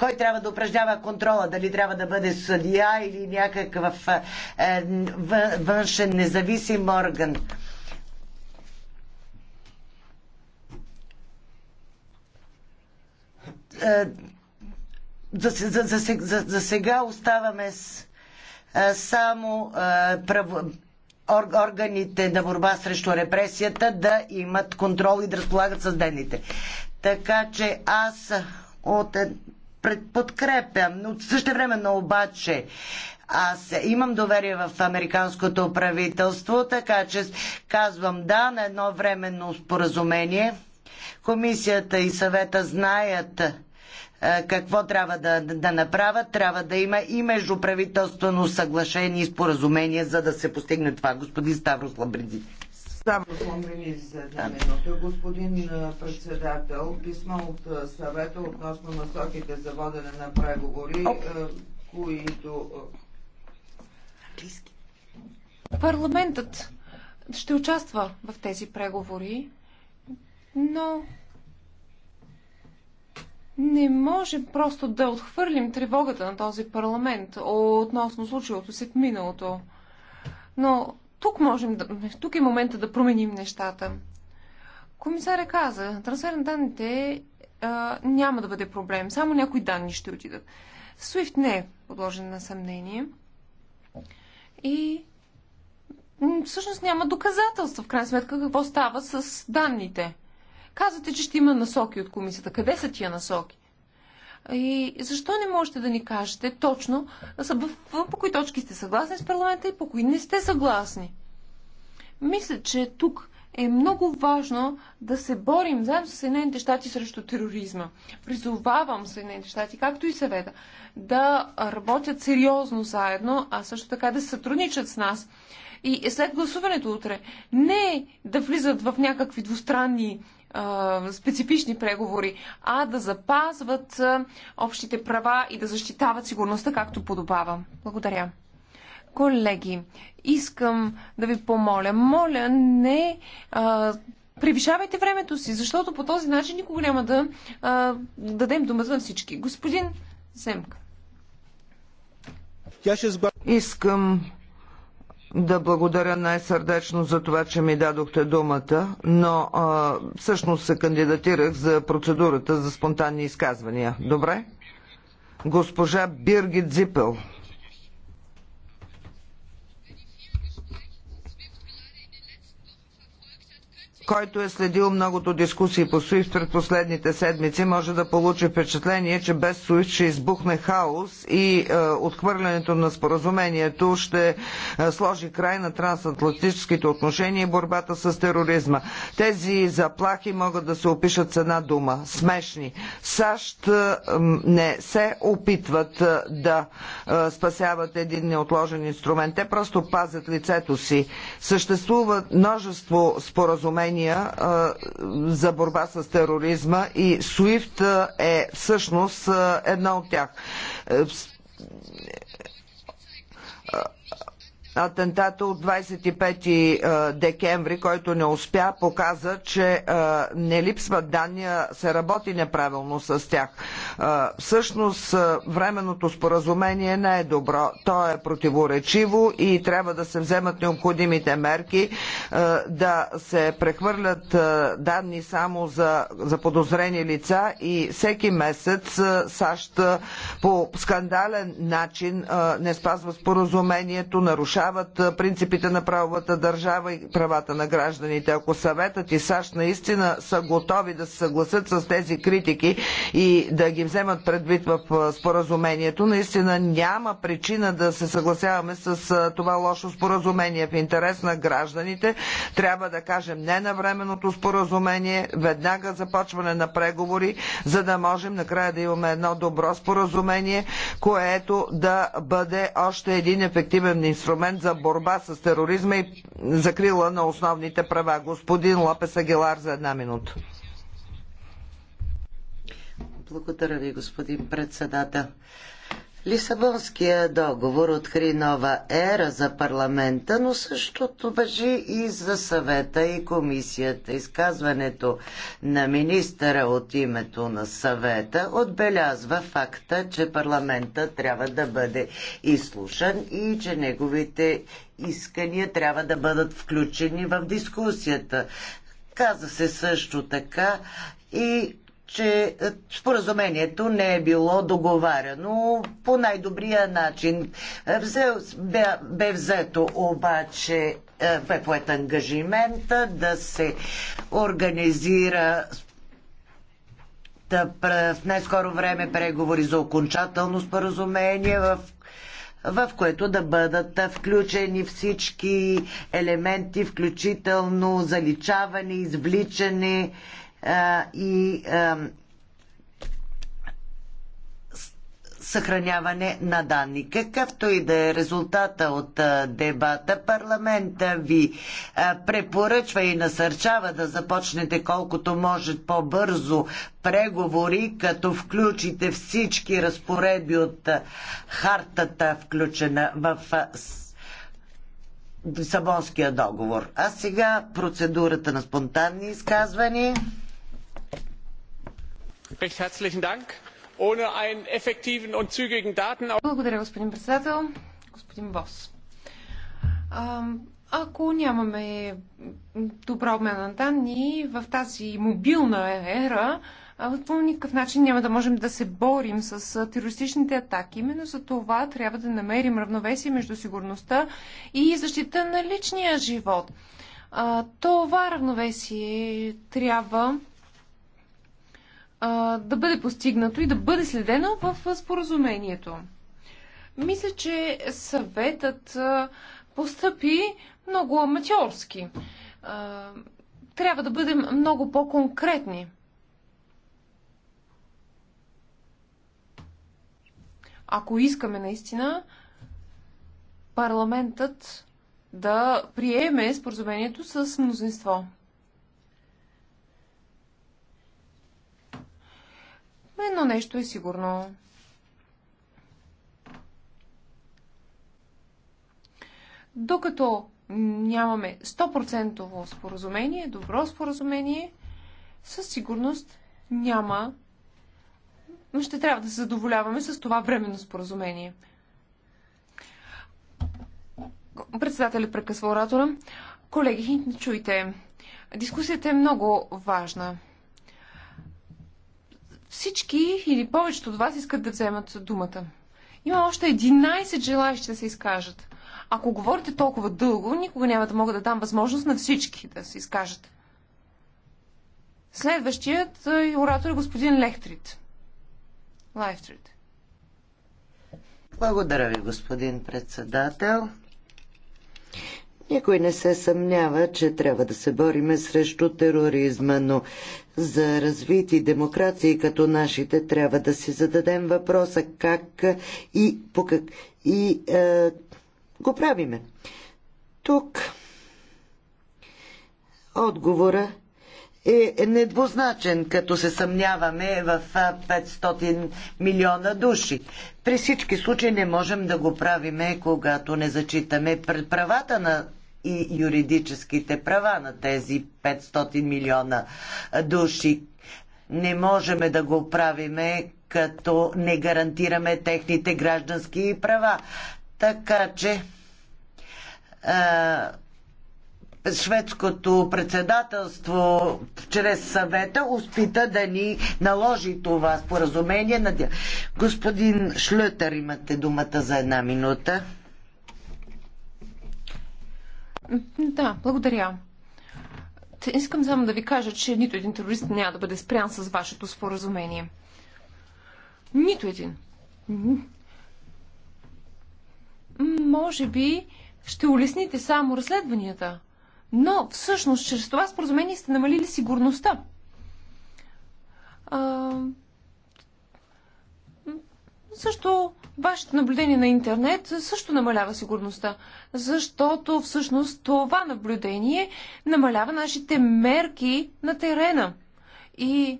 кой трябва да упражнява контрола, дали трябва да бъде съдия или някакъв външен независим орган. За, за, за, за, за сега оставаме с, само право, органите на борба срещу репресията да имат контрол и да разполагат с дените. Така че аз от подкрепям. Но също времено обаче аз имам доверие в американското правителство, така че казвам да на едно временно споразумение. Комисията и съвета знаят е, какво трябва да, да направят. Трябва да има и междуправителствено съглашение и споразумение, за да се постигне това, господин Ставрос Лабридин. Само помнили за една минута, господин председател, писма от съвета относно насоките за водене на преговори, които... Парламентът ще участва в тези преговори, но не може просто да отхвърлим тревогата на този парламент относно случилото се в миналото. Но тук, можем да, тук е момента да променим нещата. Комисаря каза, трансфер на данните а, няма да бъде проблем, само някои данни ще отидат. Swift не е подложен на съмнение. И всъщност няма доказателства, в крайна сметка, какво става с данните. Казвате, че ще има насоки от комисията. Къде са тия насоки? И защо не можете да ни кажете точно по кои точки сте съгласни с парламента и по кои не сте съгласни? Мисля, че тук е много важно да се борим заедно с Съединените щати срещу тероризма. Призовавам Съединените щати, както и съвета, да работят сериозно заедно, а също така да се сътрудничат с нас. И след гласуването утре не е да влизат в някакви двустранни специфични преговори, а да запазват общите права и да защитават сигурността както подобава. Благодаря. Колеги, искам да ви помоля, моля, не а, превишавайте времето си, защото по този начин никога няма да а, дадем думата на всички. Господин Земка. Искам да благодаря най-сърдечно за това, че ми дадохте думата, но а, всъщност се кандидатирах за процедурата за спонтанни изказвания. Добре? Госпожа Биргит Зипел. който е следил многото дискусии по SWIFT пред последните седмици, може да получи впечатление, че без SWIFT ще избухне хаос и е, отхвърлянето на споразумението ще е, сложи край на трансатлантическите отношения и борбата с тероризма. Тези заплахи могат да се опишат с една дума – смешни. САЩ е, не се опитват е, да е, спасяват един неотложен инструмент. Те просто пазят лицето си. Съществува множество споразумения споразумения за борба с тероризма и SWIFT е всъщност една от тях е, Атентата от 25 е, декември, който не успя, показа, че е, не липсват данни, а се работи неправилно с тях. Е, всъщност, временното споразумение не е добро. То е противоречиво и трябва да се вземат необходимите мерки да се прехвърлят данни само за, за подозрени лица и всеки месец САЩ по скандален начин не спазва споразумението, нарушава нарушават принципите на правовата държава и правата на гражданите. Ако съветът и САЩ наистина са готови да се съгласят с тези критики и да ги вземат предвид в споразумението, наистина няма причина да се съгласяваме с това лошо споразумение. В интерес на гражданите трябва да кажем не на временното споразумение, веднага започване на преговори, за да можем накрая да имаме едно добро споразумение, което да бъде още един ефективен инструмент инструмент за борба с тероризма и закрила на основните права. Господин Лопес Агелар за една минута. Благодаря ви, господин председател. Лисабонския договор откри нова ера за парламента, но същото въжи и за съвета и комисията. Изказването на министъра от името на съвета отбелязва факта, че парламента трябва да бъде изслушан и че неговите искания трябва да бъдат включени в дискусията. Каза се също така и че е, споразумението не е било договаряно по най-добрия начин. Е, бе, бе взето обаче е, бе поет ангажимента да се организира да, в най-скоро време преговори за окончателно споразумение в в което да бъдат включени всички елементи, включително заличаване, извличане, и съхраняване на данни. Какъвто и да е резултата от дебата, парламента ви препоръчва и насърчава да започнете колкото може по-бързо преговори, като включите всички разпоредби от хартата, включена в Лисабонския договор. А сега процедурата на спонтанни изказвания. Благодаря, господин председател. Господин Бос. Ако нямаме добра обмяна на данни в тази мобилна ера, по никакъв начин няма да можем да се борим с терористичните атаки. Именно за това трябва да намерим равновесие между сигурността и защита на личния живот. Това равновесие трябва а, да бъде постигнато и да бъде следено в споразумението. Мисля, че съветът постъпи много аматьорски. Трябва да бъдем много по-конкретни. Ако искаме наистина парламентът да приеме споразумението с мнозинство. Но едно нещо е сигурно. Докато нямаме 100% споразумение, добро споразумение, със сигурност няма. Но ще трябва да се задоволяваме с това временно споразумение. Председателят прекъсва оратора. Колеги, чуйте. Дискусията е много важна. Всички или повечето от вас искат да вземат думата. Има още 11 желаящи да се изкажат. Ако говорите толкова дълго, никога няма да мога да дам възможност на всички да се изкажат. Следващият е, оратор е господин Лехтрит. Лайфтрит. Благодаря ви, господин председател. Никой не се съмнява, че трябва да се бориме срещу тероризма, но за развити демокрации като нашите трябва да си зададем въпроса как и по как и е, го правиме. Тук отговора е недвузначен, като се съмняваме в 500 милиона души. При всички случаи не можем да го правиме, когато не зачитаме правата на и юридическите права на тези 500 милиона души. Не можем да го правиме, като не гарантираме техните граждански права. Така че. А шведското председателство чрез съвета успита да ни наложи това споразумение. Господин Шлютер, имате думата за една минута. Да, благодаря. Искам само да ви кажа, че нито един терорист няма да бъде спрян с вашето споразумение. Нито един. Може би ще улесните само разследванията, но всъщност чрез това споразумение сте намалили сигурността. А, също вашето наблюдение на интернет също намалява сигурността, защото всъщност това наблюдение намалява нашите мерки на терена. И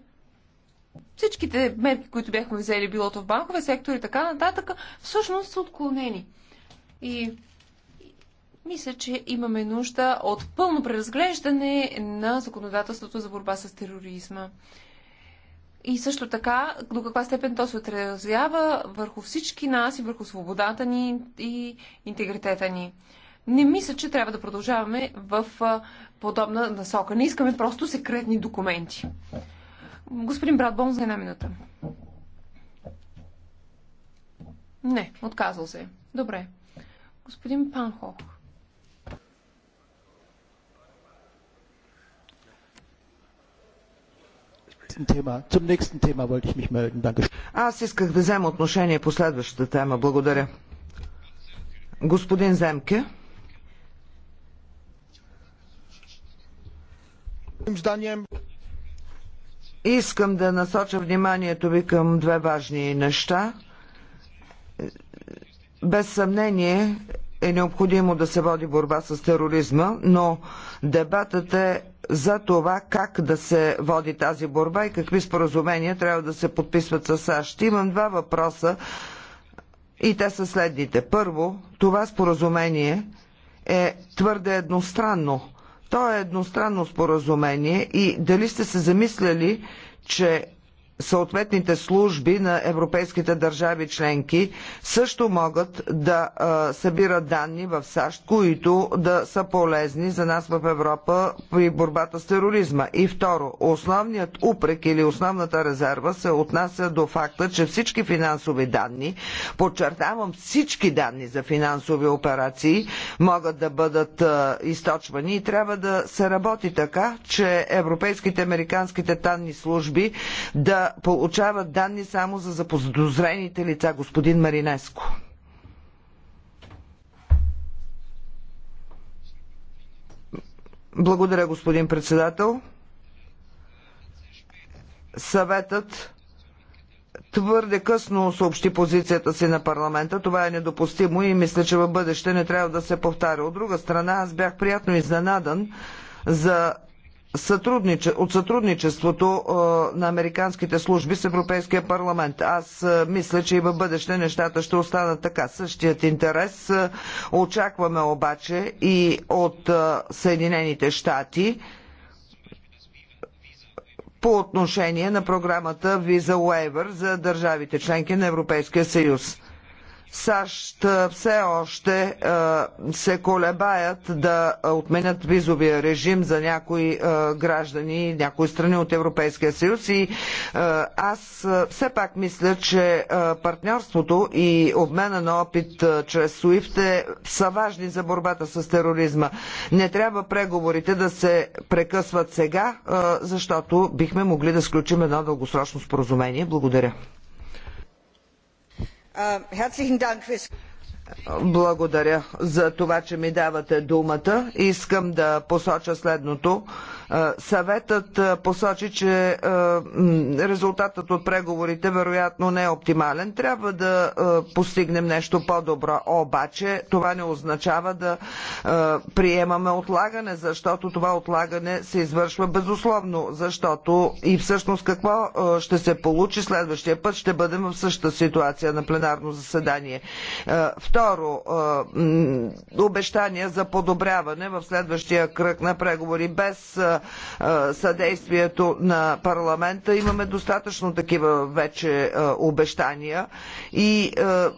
всичките мерки, които бяхме взели, билото в банкове сектор и така нататък, всъщност са отклонени. И мисля, че имаме нужда от пълно преразглеждане на законодателството за борба с тероризма. И също така, до каква степен то се отразява върху всички нас и върху свободата ни и интегритета ни. Не мисля, че трябва да продължаваме в подобна насока. Не искаме просто секретни документи. Господин Братбон, за една минута. Не, отказал се. Добре. Господин Панхох. Аз исках да взема отношение по следващата тема. Благодаря. Господин Земке. Искам да насоча вниманието ви към две важни неща. Без съмнение е необходимо да се води борба с тероризма, но дебатът е за това как да се води тази борба и какви споразумения трябва да се подписват с САЩ. Имам два въпроса и те са следните. Първо, това споразумение е твърде едностранно. То е едностранно споразумение и дали сте се замисляли, че съответните служби на европейските държави членки също могат да събират данни в САЩ, които да са полезни за нас в Европа при борбата с тероризма. И второ, основният упрек или основната резерва се отнася до факта, че всички финансови данни, подчертавам всички данни за финансови операции, могат да бъдат източвани и трябва да се работи така, че европейските, американските данни служби да получават данни само за заподозрените лица, господин Маринеско. Благодаря, господин председател. Съветът твърде късно съобщи позицията си на парламента. Това е недопустимо и мисля, че в бъдеще не трябва да се повтаря. От друга страна, аз бях приятно изненадан за от сътрудничеството на американските служби с Европейския парламент. Аз мисля, че и в бъдеще нещата ще останат така. Същият интерес очакваме обаче и от Съединените щати по отношение на програмата Visa Waiver за държавите членки на Европейския съюз. САЩ все още се колебаят да отменят визовия режим за някои граждани, някои страни от Европейския съюз и аз все пак мисля, че партньорството и обмена на опит чрез SWIFT е, са важни за борбата с тероризма. Не трябва преговорите да се прекъсват сега, защото бихме могли да сключим едно дългосрочно споразумение. Благодаря herzlichen dank fürs. Благодаря за това, че ми давате думата. Искам да посоча следното. Е, съветът е, посочи, че е, резултатът от преговорите вероятно не е оптимален. Трябва да постигнем нещо по-добро. Обаче това не означава да приемаме отлагане, защото това отлагане се извършва безусловно. Защото и всъщност какво ще се получи следващия път, ще бъдем в същата ситуация на пленарно заседание Второ, обещания за подобряване в следващия кръг на преговори без съдействието на парламента. Имаме достатъчно такива вече обещания и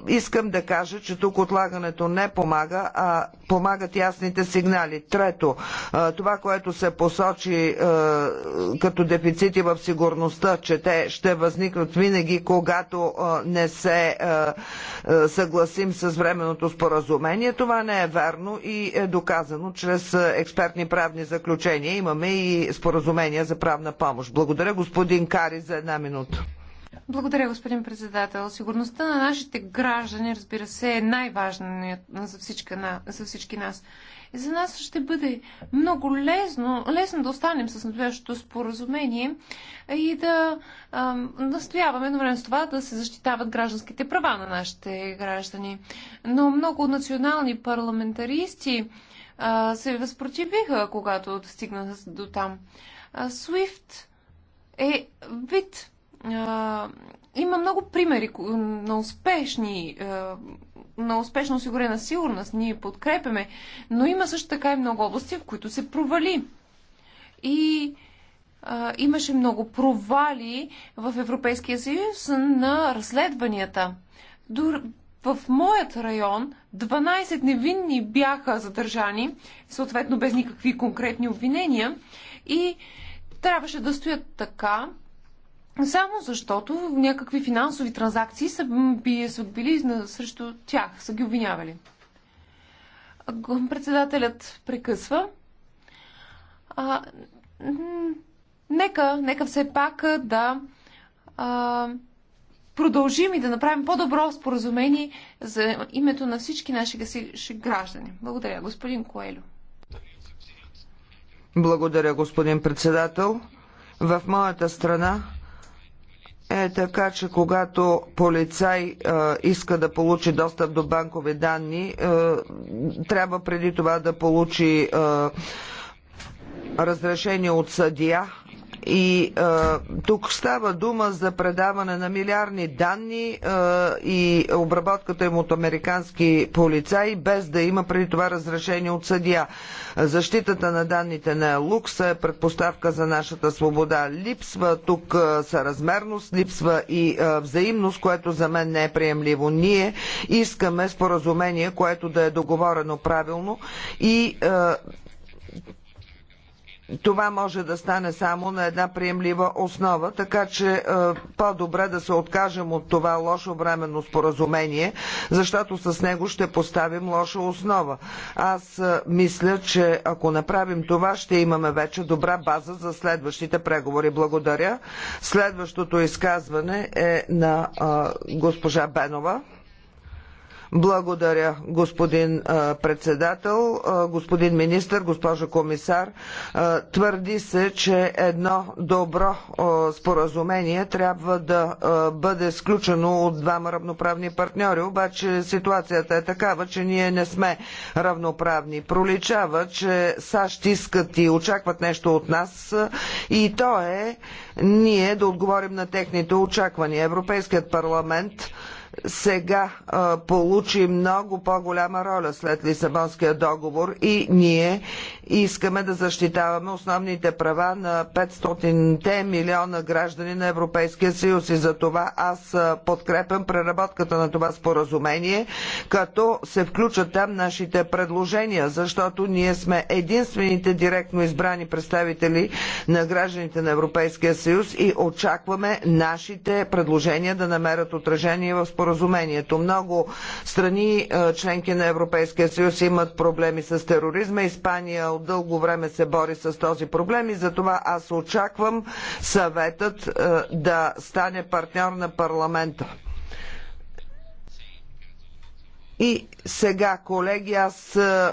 искам да кажа, че тук отлагането не помага, а помагат ясните сигнали. Трето, това, което се посочи като дефицити в сигурността, че те ще възникнат винаги, когато не се съгласим с време временното споразумение. Това не е верно и е доказано чрез експертни правни заключения. Имаме и споразумение за правна помощ. Благодаря господин Кари за една минута. Благодаря, господин председател. Сигурността на нашите граждани, разбира се, е най-важна за, за всички нас. За нас ще бъде много лесно, лесно да останем с надлежащото споразумение и да а, настояваме едновременно с това да се защитават гражданските права на нашите граждани. Но много национални парламентаристи а, се възпротивиха, когато стигнаха до там. Swift е вид. А, има много примери на успешни а, на успешно осигурена сигурност, ние подкрепяме, но има също така и много области, в които се провали. И а, имаше много провали в Европейския съюз на разследванията. Дор... В моят район 12 невинни бяха задържани, съответно без никакви конкретни обвинения, и трябваше да стоят така, само защото някакви финансови транзакции са, би, са били срещу тях, са ги обвинявали. Председателят прекъсва. А, нека, нека все пак да а, продължим и да направим по-добро споразумение за името на всички наши граждани. Благодаря, господин Коелю. Благодаря, господин председател. В моята страна е така, че когато полицай е, иска да получи достъп до банкови данни, е, трябва преди това да получи е, разрешение от съдия и е, тук става дума за предаване на милиарни данни е, и обработката им от американски полицаи, без да има преди това разрешение от съдия. Защитата на данните на Лукса е предпоставка за нашата свобода. Липсва тук е, съразмерност, липсва и взаимност, което за мен не е приемливо. Ние искаме споразумение, което да е договорено правилно и това може да стане само на една приемлива основа, така че е, по-добре да се откажем от това лошо временно споразумение, защото с него ще поставим лоша основа. Аз е, мисля, че ако направим това, ще имаме вече добра база за следващите преговори. Благодаря. Следващото изказване е на е, госпожа Бенова. Благодаря, господин председател, господин министр, госпожо комисар. Твърди се, че едно добро споразумение трябва да бъде сключено от двама равноправни партньори, обаче ситуацията е такава, че ние не сме равноправни. Проличава, че САЩ искат и очакват нещо от нас и то е ние да отговорим на техните очаквания. Европейският парламент сега а, получи много по-голяма роля след Лисабонския договор и ние искаме да защитаваме основните права на 500-те милиона граждани на Европейския съюз и за това аз подкрепям преработката на това споразумение, като се включат там нашите предложения, защото ние сме единствените директно избрани представители на гражданите на Европейския съюз и очакваме нашите предложения да намерят отражение в споразумението. Много страни, членки на Европейския съюз, имат проблеми с тероризма. Испания, от дълго време се бори с този проблем и затова аз очаквам съветът е, да стане партньор на парламента. И сега, колеги, аз е, е,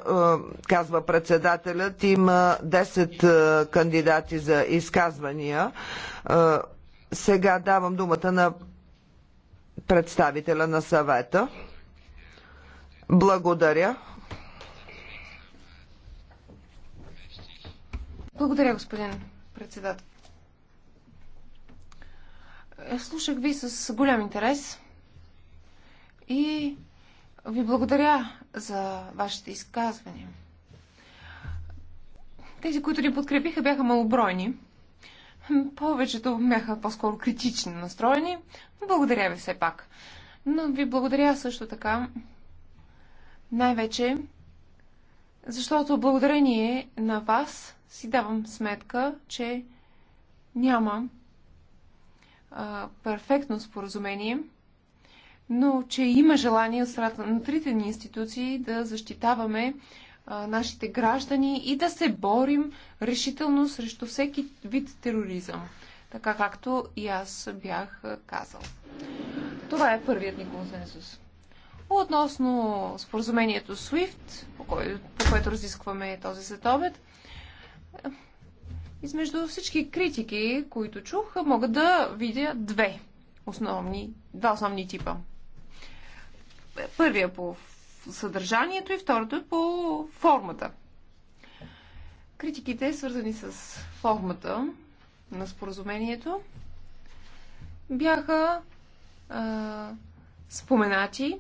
казва председателят, има 10 кандидати за изказвания. Сега давам думата на представителя на съвета. Благодаря. Благодаря, господин председател. Е, слушах ви с голям интерес и ви благодаря за вашите изказвания. Тези, които ни подкрепиха, бяха малобройни. Повечето бяха по-скоро критично настроени. Благодаря ви все пак. Но ви благодаря също така най-вече, защото благодарение на вас си давам сметка, че няма а, перфектно споразумение, но че има желание от страната на трите ни институции да защитаваме а, нашите граждани и да се борим решително срещу всеки вид тероризъм, така както и аз бях казал. Това е първият ни консенсус. Относно споразумението SWIFT, по, по което разискваме този следобед, измежду всички критики, които чух, мога да видя две основни, два основни типа. Първия по съдържанието и второто е по формата. Критиките, свързани с формата на споразумението, бяха а, споменати,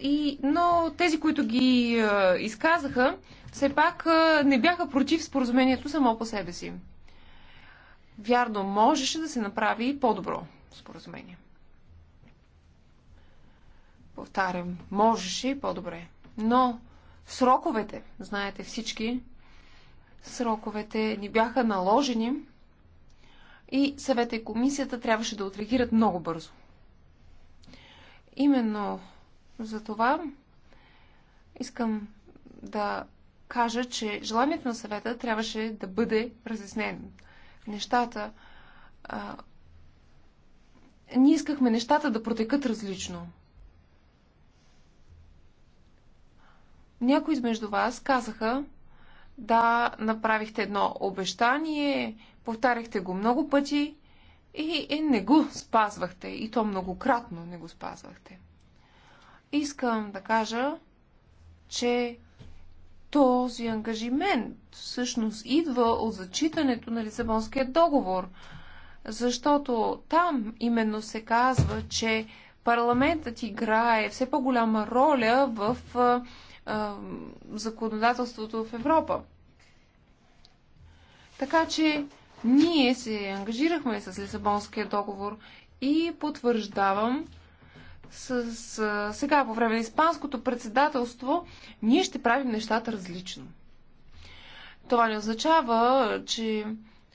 и, но тези, които ги а, изказаха, все пак не бяха против споразумението само по себе си. Вярно, можеше да се направи по-добро споразумение. Повтарям, можеше и по-добре. Но сроковете, знаете всички, сроковете ни бяха наложени и съвета и комисията трябваше да отреагират много бързо. Именно за това искам да кажа, че желанието на съвета трябваше да бъде разяснено. Нещата. А, ние искахме нещата да протекат различно. Някои измежду вас казаха, да, направихте едно обещание, повтаряхте го много пъти и, и не го спазвахте. И то многократно не го спазвахте. Искам да кажа, че този ангажимент всъщност идва от зачитането на Лисабонския договор, защото там именно се казва, че парламентът играе все по-голяма роля в а, а, законодателството в Европа. Така че ние се ангажирахме с Лисабонския договор и потвърждавам, с, с, сега по време на Испанското председателство ние ще правим нещата различно. Това не означава, че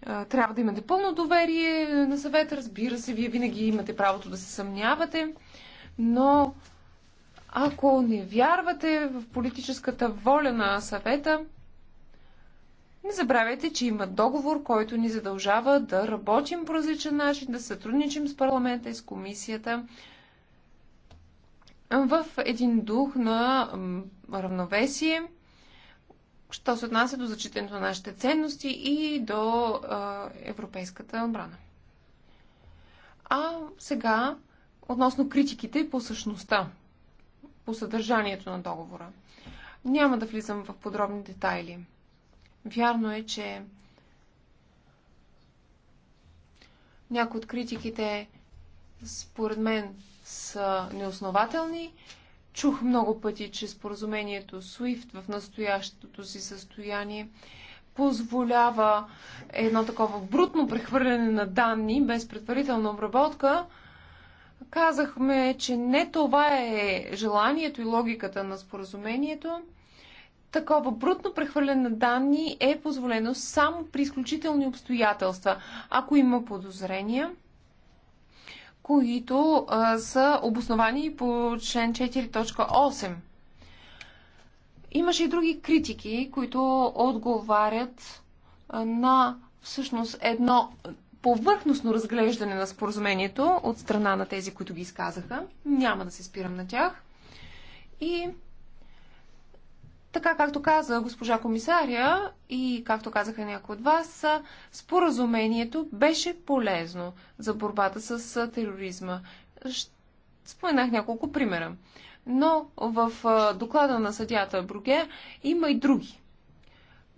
а, трябва да имате пълно доверие на съвета. Разбира се, вие винаги имате правото да се съмнявате, но ако не вярвате в политическата воля на съвета, не забравяйте, че има договор, който ни задължава да работим по различен начин, да сътрудничим с парламента и с комисията, в един дух на равновесие, що се отнася до зачитането на нашите ценности и до европейската отбрана. А сега относно критиките по същността, по съдържанието на договора. Няма да влизам в подробни детайли. Вярно е, че някои от критиките, според мен, са неоснователни. Чух много пъти, че споразумението SWIFT в настоящото си състояние позволява едно такова брутно прехвърляне на данни без предварителна обработка. Казахме, че не това е желанието и логиката на споразумението. Такова брутно прехвърляне на данни е позволено само при изключителни обстоятелства. Ако има подозрения, които а, са обосновани по член 4.8. Имаше и други критики, които отговарят а, на всъщност едно повърхностно разглеждане на споразумението от страна на тези, които ги изказаха. Няма да се спирам на тях. И така както каза госпожа комисаря и както казаха някои от вас, споразумението беше полезно за борбата с тероризма. Споменах няколко примера. Но в доклада на съдята Бруге има и други.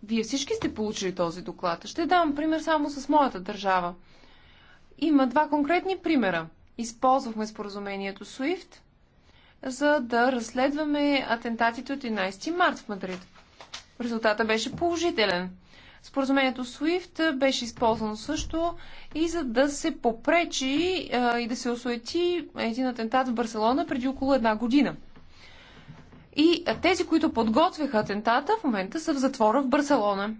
Вие всички сте получили този доклад. Ще дам пример само с моята държава. Има два конкретни примера. Използвахме споразумението SWIFT – за да разследваме атентатите от 11 март в Мадрид. Резултата беше положителен. Споразумението SWIFT беше използвано също и за да се попречи а, и да се осуети един атентат в Барселона преди около една година. И тези, които подготвяха атентата, в момента са в затвора в Барселона.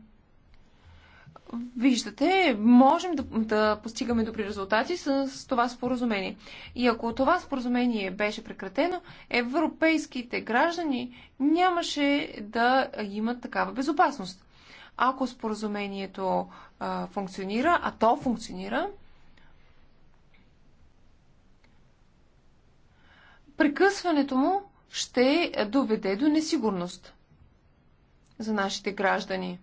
Виждате, можем да, да постигаме добри резултати с, с това споразумение. И ако това споразумение беше прекратено, европейските граждани нямаше да имат такава безопасност. Ако споразумението а, функционира, а то функционира, прекъсването му ще доведе до несигурност за нашите граждани.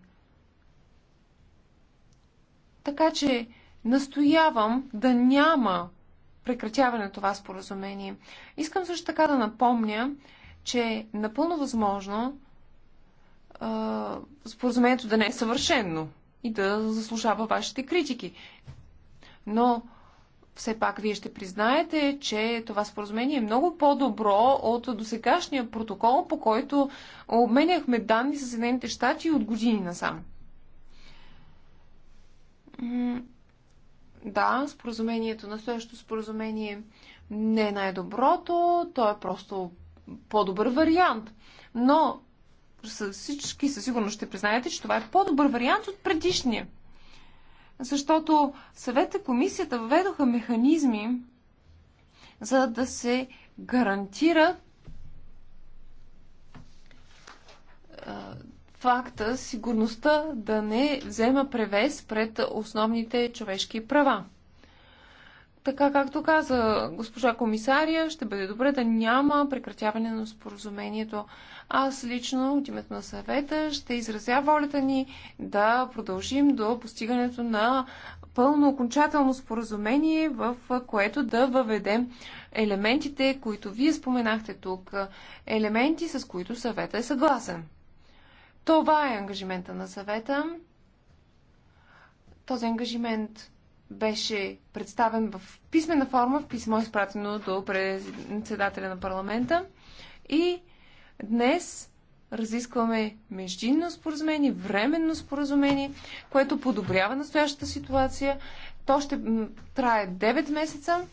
Така че настоявам да няма прекратяване на това споразумение. Искам също така да напомня, че е напълно възможно е, споразумението да не е съвършено и да заслужава вашите критики. Но все пак вие ще признаете, че това споразумение е много по-добро от досегашния протокол, по който обменяхме данни с Съединените щати от години насам. Да, споразумението, настоящото споразумение не е най-доброто, то е просто по-добър вариант. Но всички със сигурност ще признаете, че това е по-добър вариант от предишния. Защото съвета и комисията въведоха механизми, за да се гарантират. факта сигурността да не взема превес пред основните човешки права. Така както каза госпожа комисария, ще бъде добре да няма прекратяване на споразумението. Аз лично от името на съвета ще изразя волята ни да продължим до постигането на пълно окончателно споразумение, в което да въведем елементите, които вие споменахте тук, елементи, с които съвета е съгласен. Това е ангажимента на съвета. Този ангажимент беше представен в писмена форма, в писмо изпратено до председателя на парламента. И днес разискваме междинно споразумение, временно споразумение, което подобрява настоящата ситуация. То ще трае 9 месеца.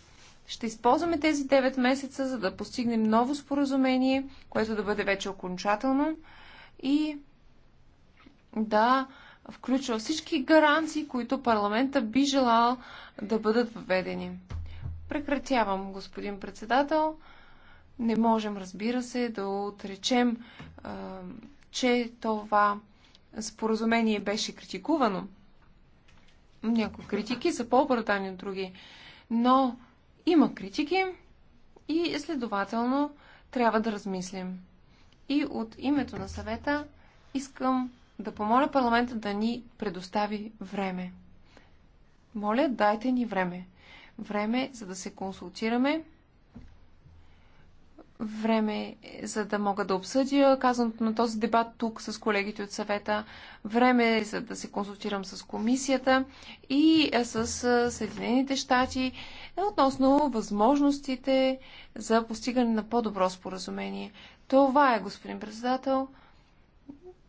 Ще използваме тези 9 месеца, за да постигнем ново споразумение, което да бъде вече окончателно и да включва всички гаранции, които парламента би желал да бъдат въведени. Прекратявам, господин председател. Не можем, разбира се, да отречем, че това споразумение беше критикувано. Някои критики са по обратани от други. Но има критики и следователно трябва да размислим. И от името на съвета искам да помоля парламента да ни предостави време. Моля, дайте ни време. Време, за да се консултираме. Време, за да мога да обсъдя казаното на този дебат тук с колегите от съвета. Време, за да се консултирам с комисията и с Съединените щати относно възможностите за постигане на по-добро споразумение. Това е, господин председател.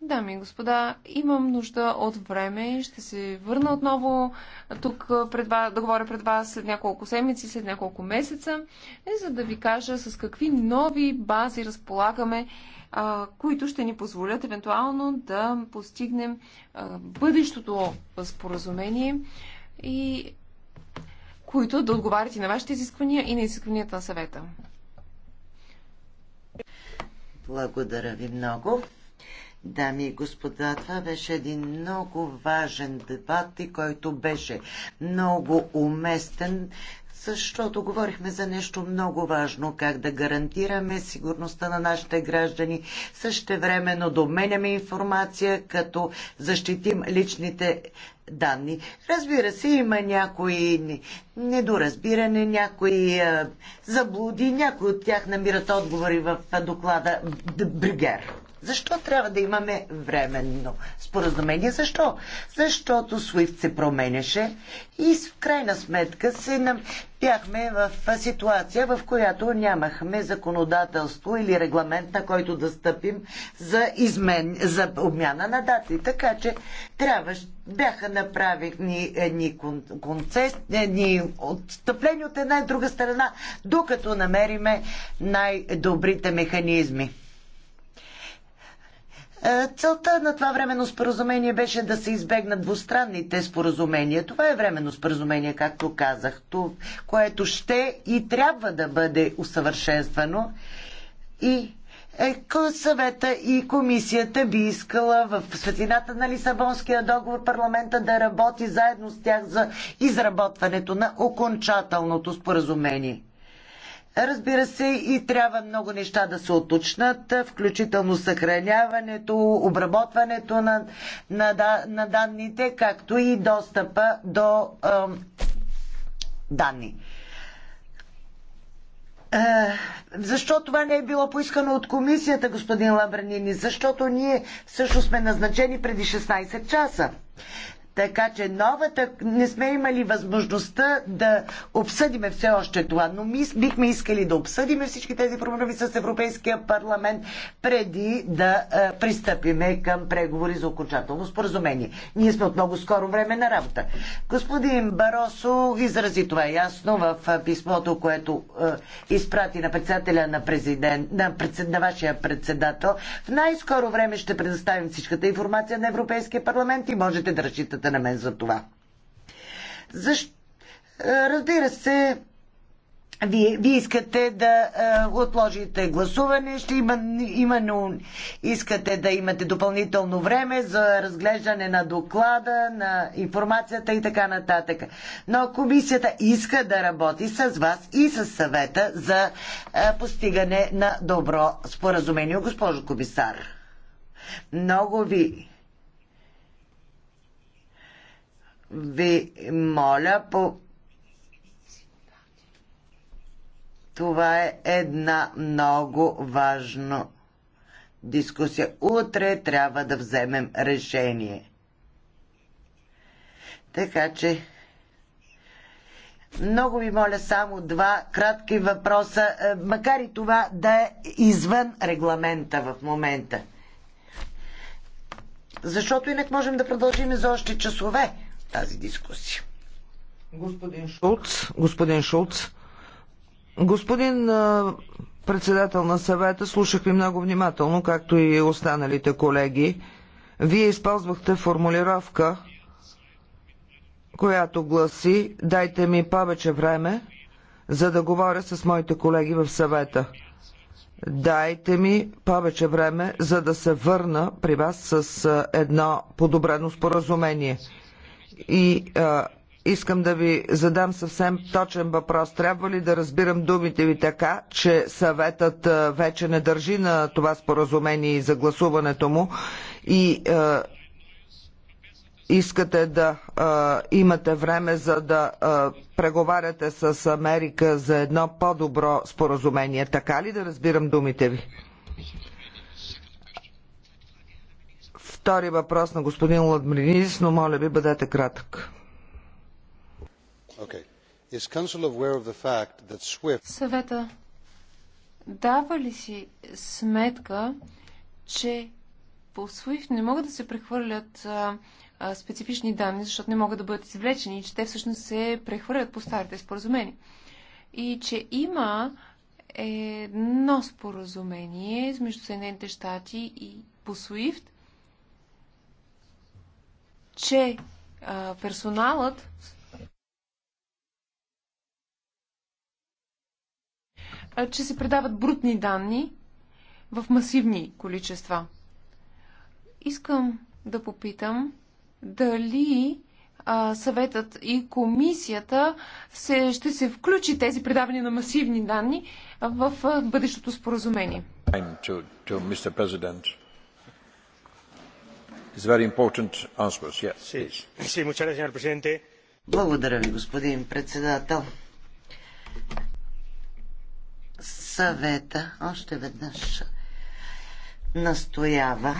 Дами и господа, имам нужда от време ще се върна отново тук пред вас, да говоря пред вас след няколко седмици, след няколко месеца, е, за да ви кажа с какви нови бази разполагаме, които ще ни позволят евентуално да постигнем бъдещото споразумение и които да отговарят и на вашите изисквания и на изискванията на съвета. Благодаря ви много. Дами и господа, това беше един много важен дебат и който беше много уместен, защото говорихме за нещо много важно, как да гарантираме сигурността на нашите граждани, същевременно доменяме информация, като защитим личните данни. Разбира се, има някои недоразбиране, някои а, заблуди, някои от тях намират отговори в доклада Брюгер. Защо трябва да имаме временно споразумение? Защо? Защото Суифт се променеше и в крайна сметка се бяхме в ситуация, в която нямахме законодателство или регламент, на който да стъпим за, измен, за обмяна на дати. Така че трябва, бяха направени едни едни отстъпления от една и друга страна, докато намериме най-добрите механизми. Е, целта на това временно споразумение беше да се избегнат двустранните споразумения. Това е временно споразумение, както казах, което ще и трябва да бъде усъвършенствано. И е, съвета и комисията би искала в светлината на Лисабонския договор парламента да работи заедно с тях за изработването на окончателното споразумение. Разбира се, и трябва много неща да се оточнат, включително съхраняването, обработването на, на, на данните, както и достъпа до е, данни. Е, защо това не е било поискано от комисията, господин Лабранини? Защото ние също сме назначени преди 16 часа. Така че новата... Не сме имали възможността да обсъдиме все още това, но ми бихме искали да обсъдиме всички тези проблеми с Европейския парламент преди да а, е, пристъпиме към преговори за окончателно споразумение. Ние сме от много скоро време на работа. Господин Баросо изрази това ясно в е, писмото, което а, е, изпрати на председателя на, президент, на, председ, на вашия председател. В най-скоро време ще предоставим всичката информация на Европейския парламент и можете да разчитате на мен за това. Защо? Е, разбира се, вие, вие искате да е, отложите гласуване, ще има, именно искате да имате допълнително време за разглеждане на доклада, на информацията и така нататък. Но комисията иска да работи с вас и с съвета за е, постигане на добро споразумение, госпожо комисар. Много ви ви моля по Това е една много важна дискусия. Утре трябва да вземем решение. Така че, много ви моля само два кратки въпроса, е, макар и това да е извън регламента в момента. Защото инак можем да продължим за още часове тази дискусия. Господин Шулц, господин Шулц, господин председател на съвета, слушах ви много внимателно, както и останалите колеги. Вие използвахте формулировка, която гласи «Дайте ми повече време, за да говоря с моите колеги в съвета». Дайте ми повече време, за да се върна при вас с едно подобрено споразумение. И а, искам да ви задам съвсем точен въпрос. Трябва ли да разбирам думите ви така, че съветът а, вече не държи на това споразумение и за гласуването му и а, искате да а, имате време за да а, преговаряте с Америка за едно по-добро споразумение. Така ли да разбирам думите ви? Втори въпрос на господин Ладмринидис, но моля ви бъдете кратък. Съвета дава ли си сметка, че по SWIFT не могат да се прехвърлят а, а, специфични данни, защото не могат да бъдат извлечени и че те всъщност се прехвърлят по старите споразумения. И че има едно споразумение между Съединените щати и по SWIFT, че а, персоналът а, че се предават брутни данни в масивни количества. Искам да попитам дали а, съветът и комисията се, ще се включи тези предавания на масивни данни в а, бъдещото споразумение. To, to благодаря ви, господин председател. Съвета още веднъж настоява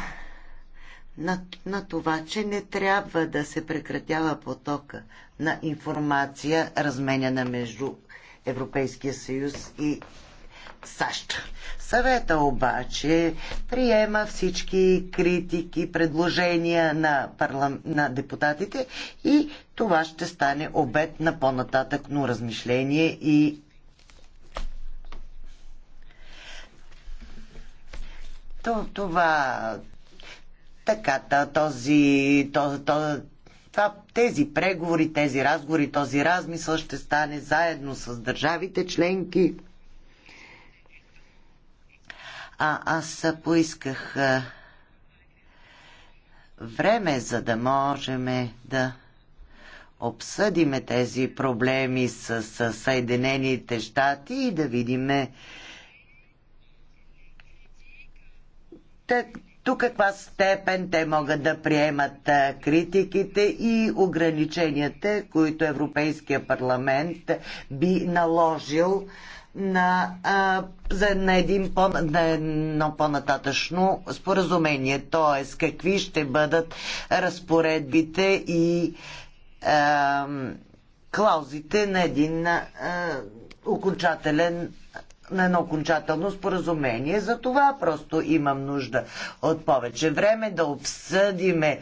на, на това, че не трябва да се прекратява потока на информация, разменяна между Европейския съюз и САЩ. Съвета обаче приема всички критики, предложения на, парлам... на депутатите и това ще стане обед на по-нататъкно размишление и това така, този, този, този това, тези преговори, тези разговори, този размисъл ще стане заедно с държавите членки а аз поисках време, за да можем да обсъдиме тези проблеми с, с Съединените щати и да видиме до каква степен те могат да приемат критиките и ограниченията, които Европейския парламент би наложил на, а, за, на, един по, на едно по-нататъчно споразумение, т.е. какви ще бъдат разпоредбите и а, клаузите на един а, окончателен на едно окончателно споразумение. За това просто имам нужда от повече време да обсъдиме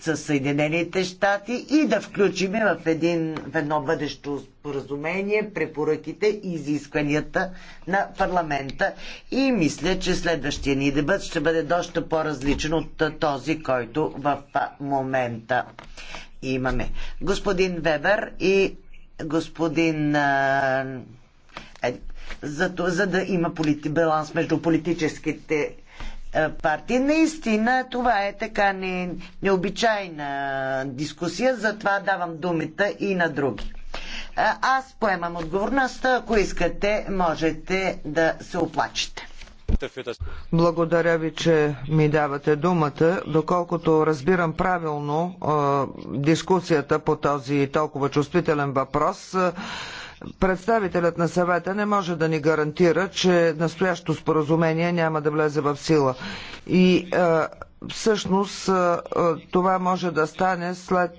с Съединените щати и да включим в, един, в едно бъдещо споразумение препоръките и изискванията на парламента. И мисля, че следващия ни дебат ще бъде доста по-различен от този, който в момента имаме. Господин Вебер и господин. е, за, за да има полит, баланс между политическите е, партии. Наистина това е така не, необичайна дискусия, затова давам думата и на други. Е, аз поемам отговорността, ако искате, можете да се оплачете. Благодаря ви, че ми давате думата. Доколкото разбирам правилно е, дискусията по този толкова чувствителен въпрос, Представителят на съвета не може да ни гарантира, че настоящото споразумение няма да влезе в сила. И а, всъщност това може да стане след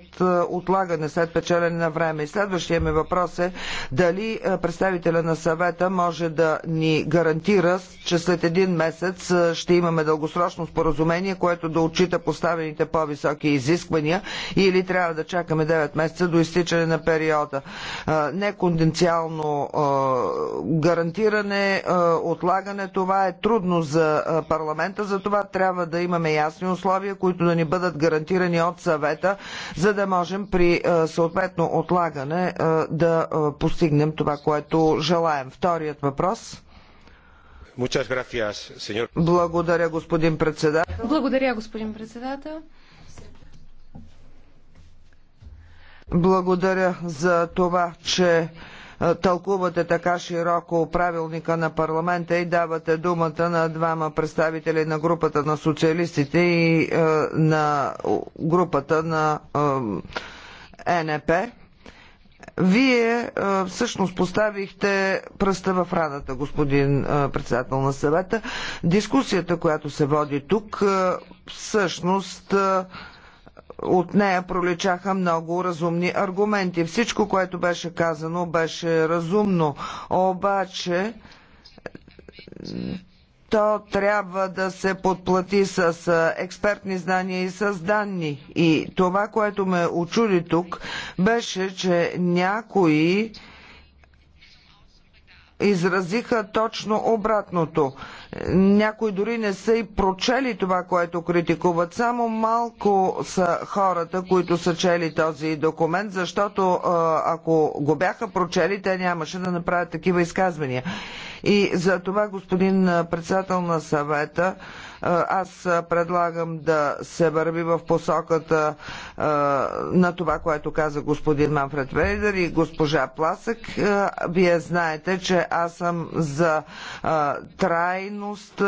отлагане, след печелене на време. И следващия ми въпрос е дали представителя на съвета може да ни гарантира, че след един месец ще имаме дългосрочно споразумение, което да отчита поставените по-високи изисквания или трябва да чакаме 9 месеца до изтичане на периода. Неконденциално гарантиране, отлагане, това е трудно за парламента, за това трябва да имаме ясно ясни условия, които да ни бъдат гарантирани от съвета, за да можем при е, съответно отлагане е, да е, постигнем това, което желаем. Вторият въпрос. Благодаря, господин председател. Благодаря, господин председател. Благодаря за това, че е, тълкувате така широко правилника на парламента и давате думата на двама представители на групата на социалистите и е, на групата на е, НП. Вие всъщност поставихте пръста в раната, господин председател на съвета. Дискусията, която се води тук, всъщност от нея пролечаха много разумни аргументи. Всичко, което беше казано, беше разумно. Обаче, то трябва да се подплати с експертни знания и с данни. И това, което ме очуди тук, беше, че някои изразиха точно обратното. Някои дори не са и прочели това, което критикуват. Само малко са хората, които са чели този документ, защото ако го бяха прочели, те нямаше да направят такива изказвания. И за това, господин председател на съвета, аз предлагам да се върви в посоката на това, което каза господин Манфред Вейдер и госпожа Пласък. Вие знаете, че аз съм за трайност,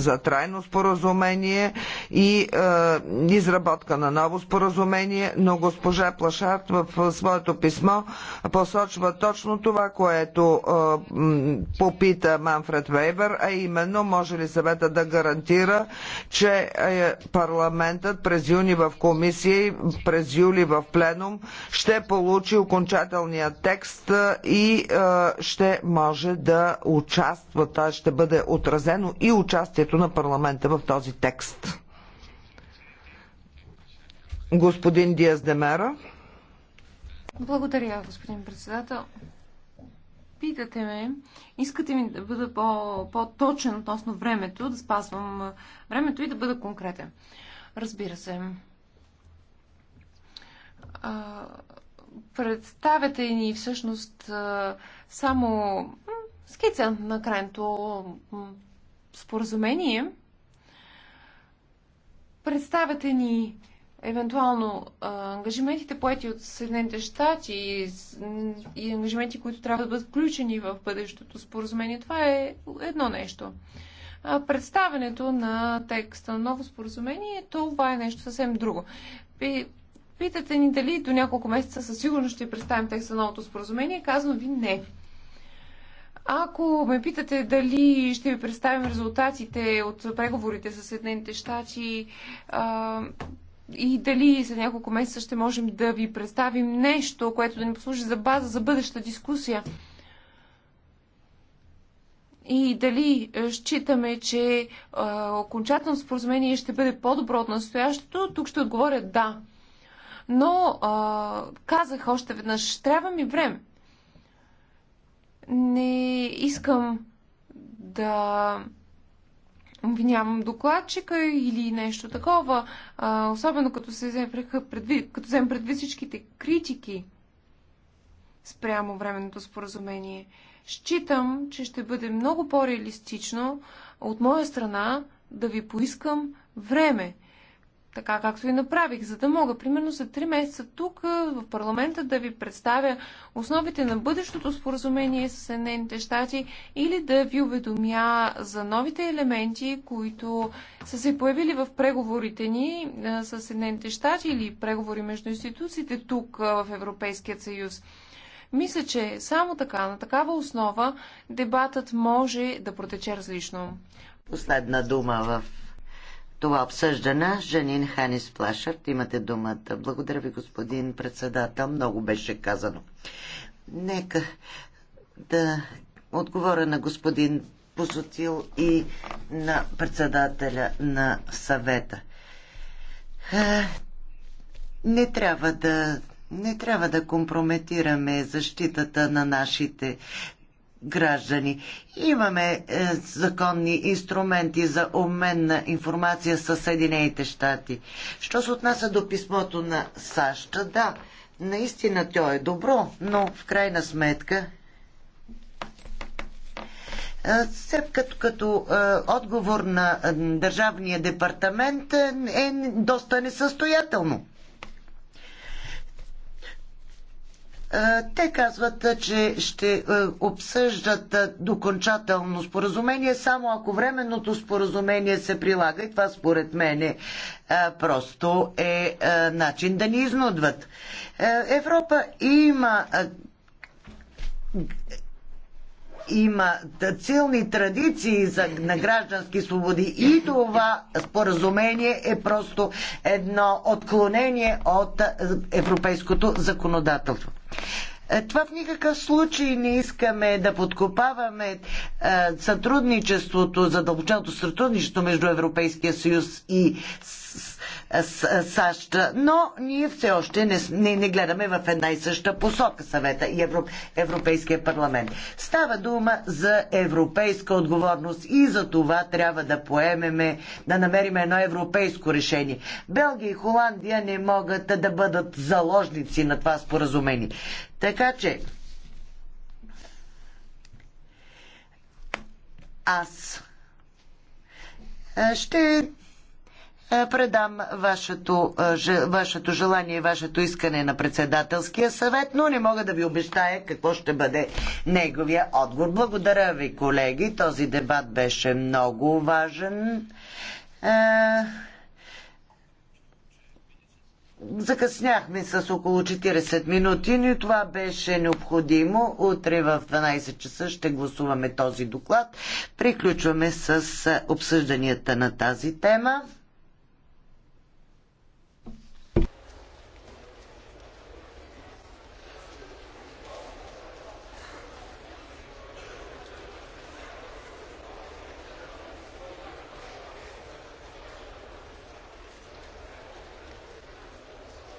за трайно споразумение и изработка на ново споразумение, но госпожа Плашарт в своето писмо посочва точно това, което попита Манфред Вейбер, а именно може ли съвета да гарантира гарантира, че е, парламентът през юни в комисия и през юли в пленум ще получи окончателния текст е, и е, ще може да участва, т.е. ще бъде отразено и участието на парламента в този текст. Господин Диаз Демера. Благодаря, господин председател. Питате ме, искате ми да бъда по, по-точен относно времето, да спазвам времето и да бъда конкретен. Разбира се. Представете ни всъщност само скица на крайното споразумение. представете ни евентуално а, ангажиментите поети от Съединените щати и, и ангажименти, които трябва да бъдат включени в бъдещото споразумение, това е едно нещо. А, представенето на текста на ново споразумение, това е нещо съвсем друго. питате ни дали до няколко месеца със сигурност ще представим текста на новото споразумение, казвам ви не. Ако ме питате дали ще ви представим резултатите от преговорите с Съединените щати, и дали след няколко месеца ще можем да ви представим нещо, което да ни послужи за база за бъдеща дискусия. И дали е, считаме, че а, е, окончателно споразумение ще бъде по-добро от настоящото, тук ще отговоря да. Но а, е, казах още веднъж, трябва ми време. Не искам да обвинявам докладчика или нещо такова, а, особено като, се взем предвид, като взем предвид всичките критики спрямо временното споразумение. Считам, че ще бъде много по-реалистично от моя страна да ви поискам време така както и направих, за да мога, примерно, за 3 месеца тук в парламента да ви представя основите на бъдещото споразумение с Съединените щати или да ви уведомя за новите елементи, които са се появили в преговорите ни с Съединените щати или преговори между институциите тук в Европейският съюз. Мисля, че само така, на такава основа, дебатът може да протече различно. Последна дума в това обсъждане. женин Ханис Плашарт, имате думата. Благодаря ви, господин председател. Много беше казано. Нека да отговоря на господин Позотил и на председателя на съвета. Е, не трябва да не трябва да компрометираме защитата на нашите граждани. Имаме е, законни инструменти за обмен на информация с Съединените щати. Що се отнася до писмото на САЩ, да, наистина то е добро, но в крайна сметка все като, като е, отговор на е, Държавния департамент е, е доста несъстоятелно. Е, те казват, е, че ще е, обсъждат докончателно споразумение, само ако временното споразумение се прилага. И това според мен просто е начин да ни изнудват. Европа има има силни традиции за, на граждански свободи и това споразумение е просто едно отклонение от е, европейското законодателство. Е, това в никакъв случай не искаме да подкопаваме е, сътрудничеството, задълбоченото сътрудничество между Европейския съюз и САЩ, но ние все още не, не, не гледаме в една и съща посока съвета и Европ, Европейския парламент. Става дума за европейска отговорност и за това трябва да поемеме, да намерим едно европейско решение. Белгия и Холандия не могат да бъдат заложници на това споразумение. Така че, аз ще е, предам вашето, е, вашето желание и вашето искане на председателския съвет, но не мога да ви обещая какво ще бъде неговия отговор. Благодаря ви, колеги. Този дебат беше много важен. Е, закъсняхме с около 40 минути, но това беше необходимо. Утре в 12 часа ще гласуваме този доклад. Приключваме с обсъжданията на тази тема.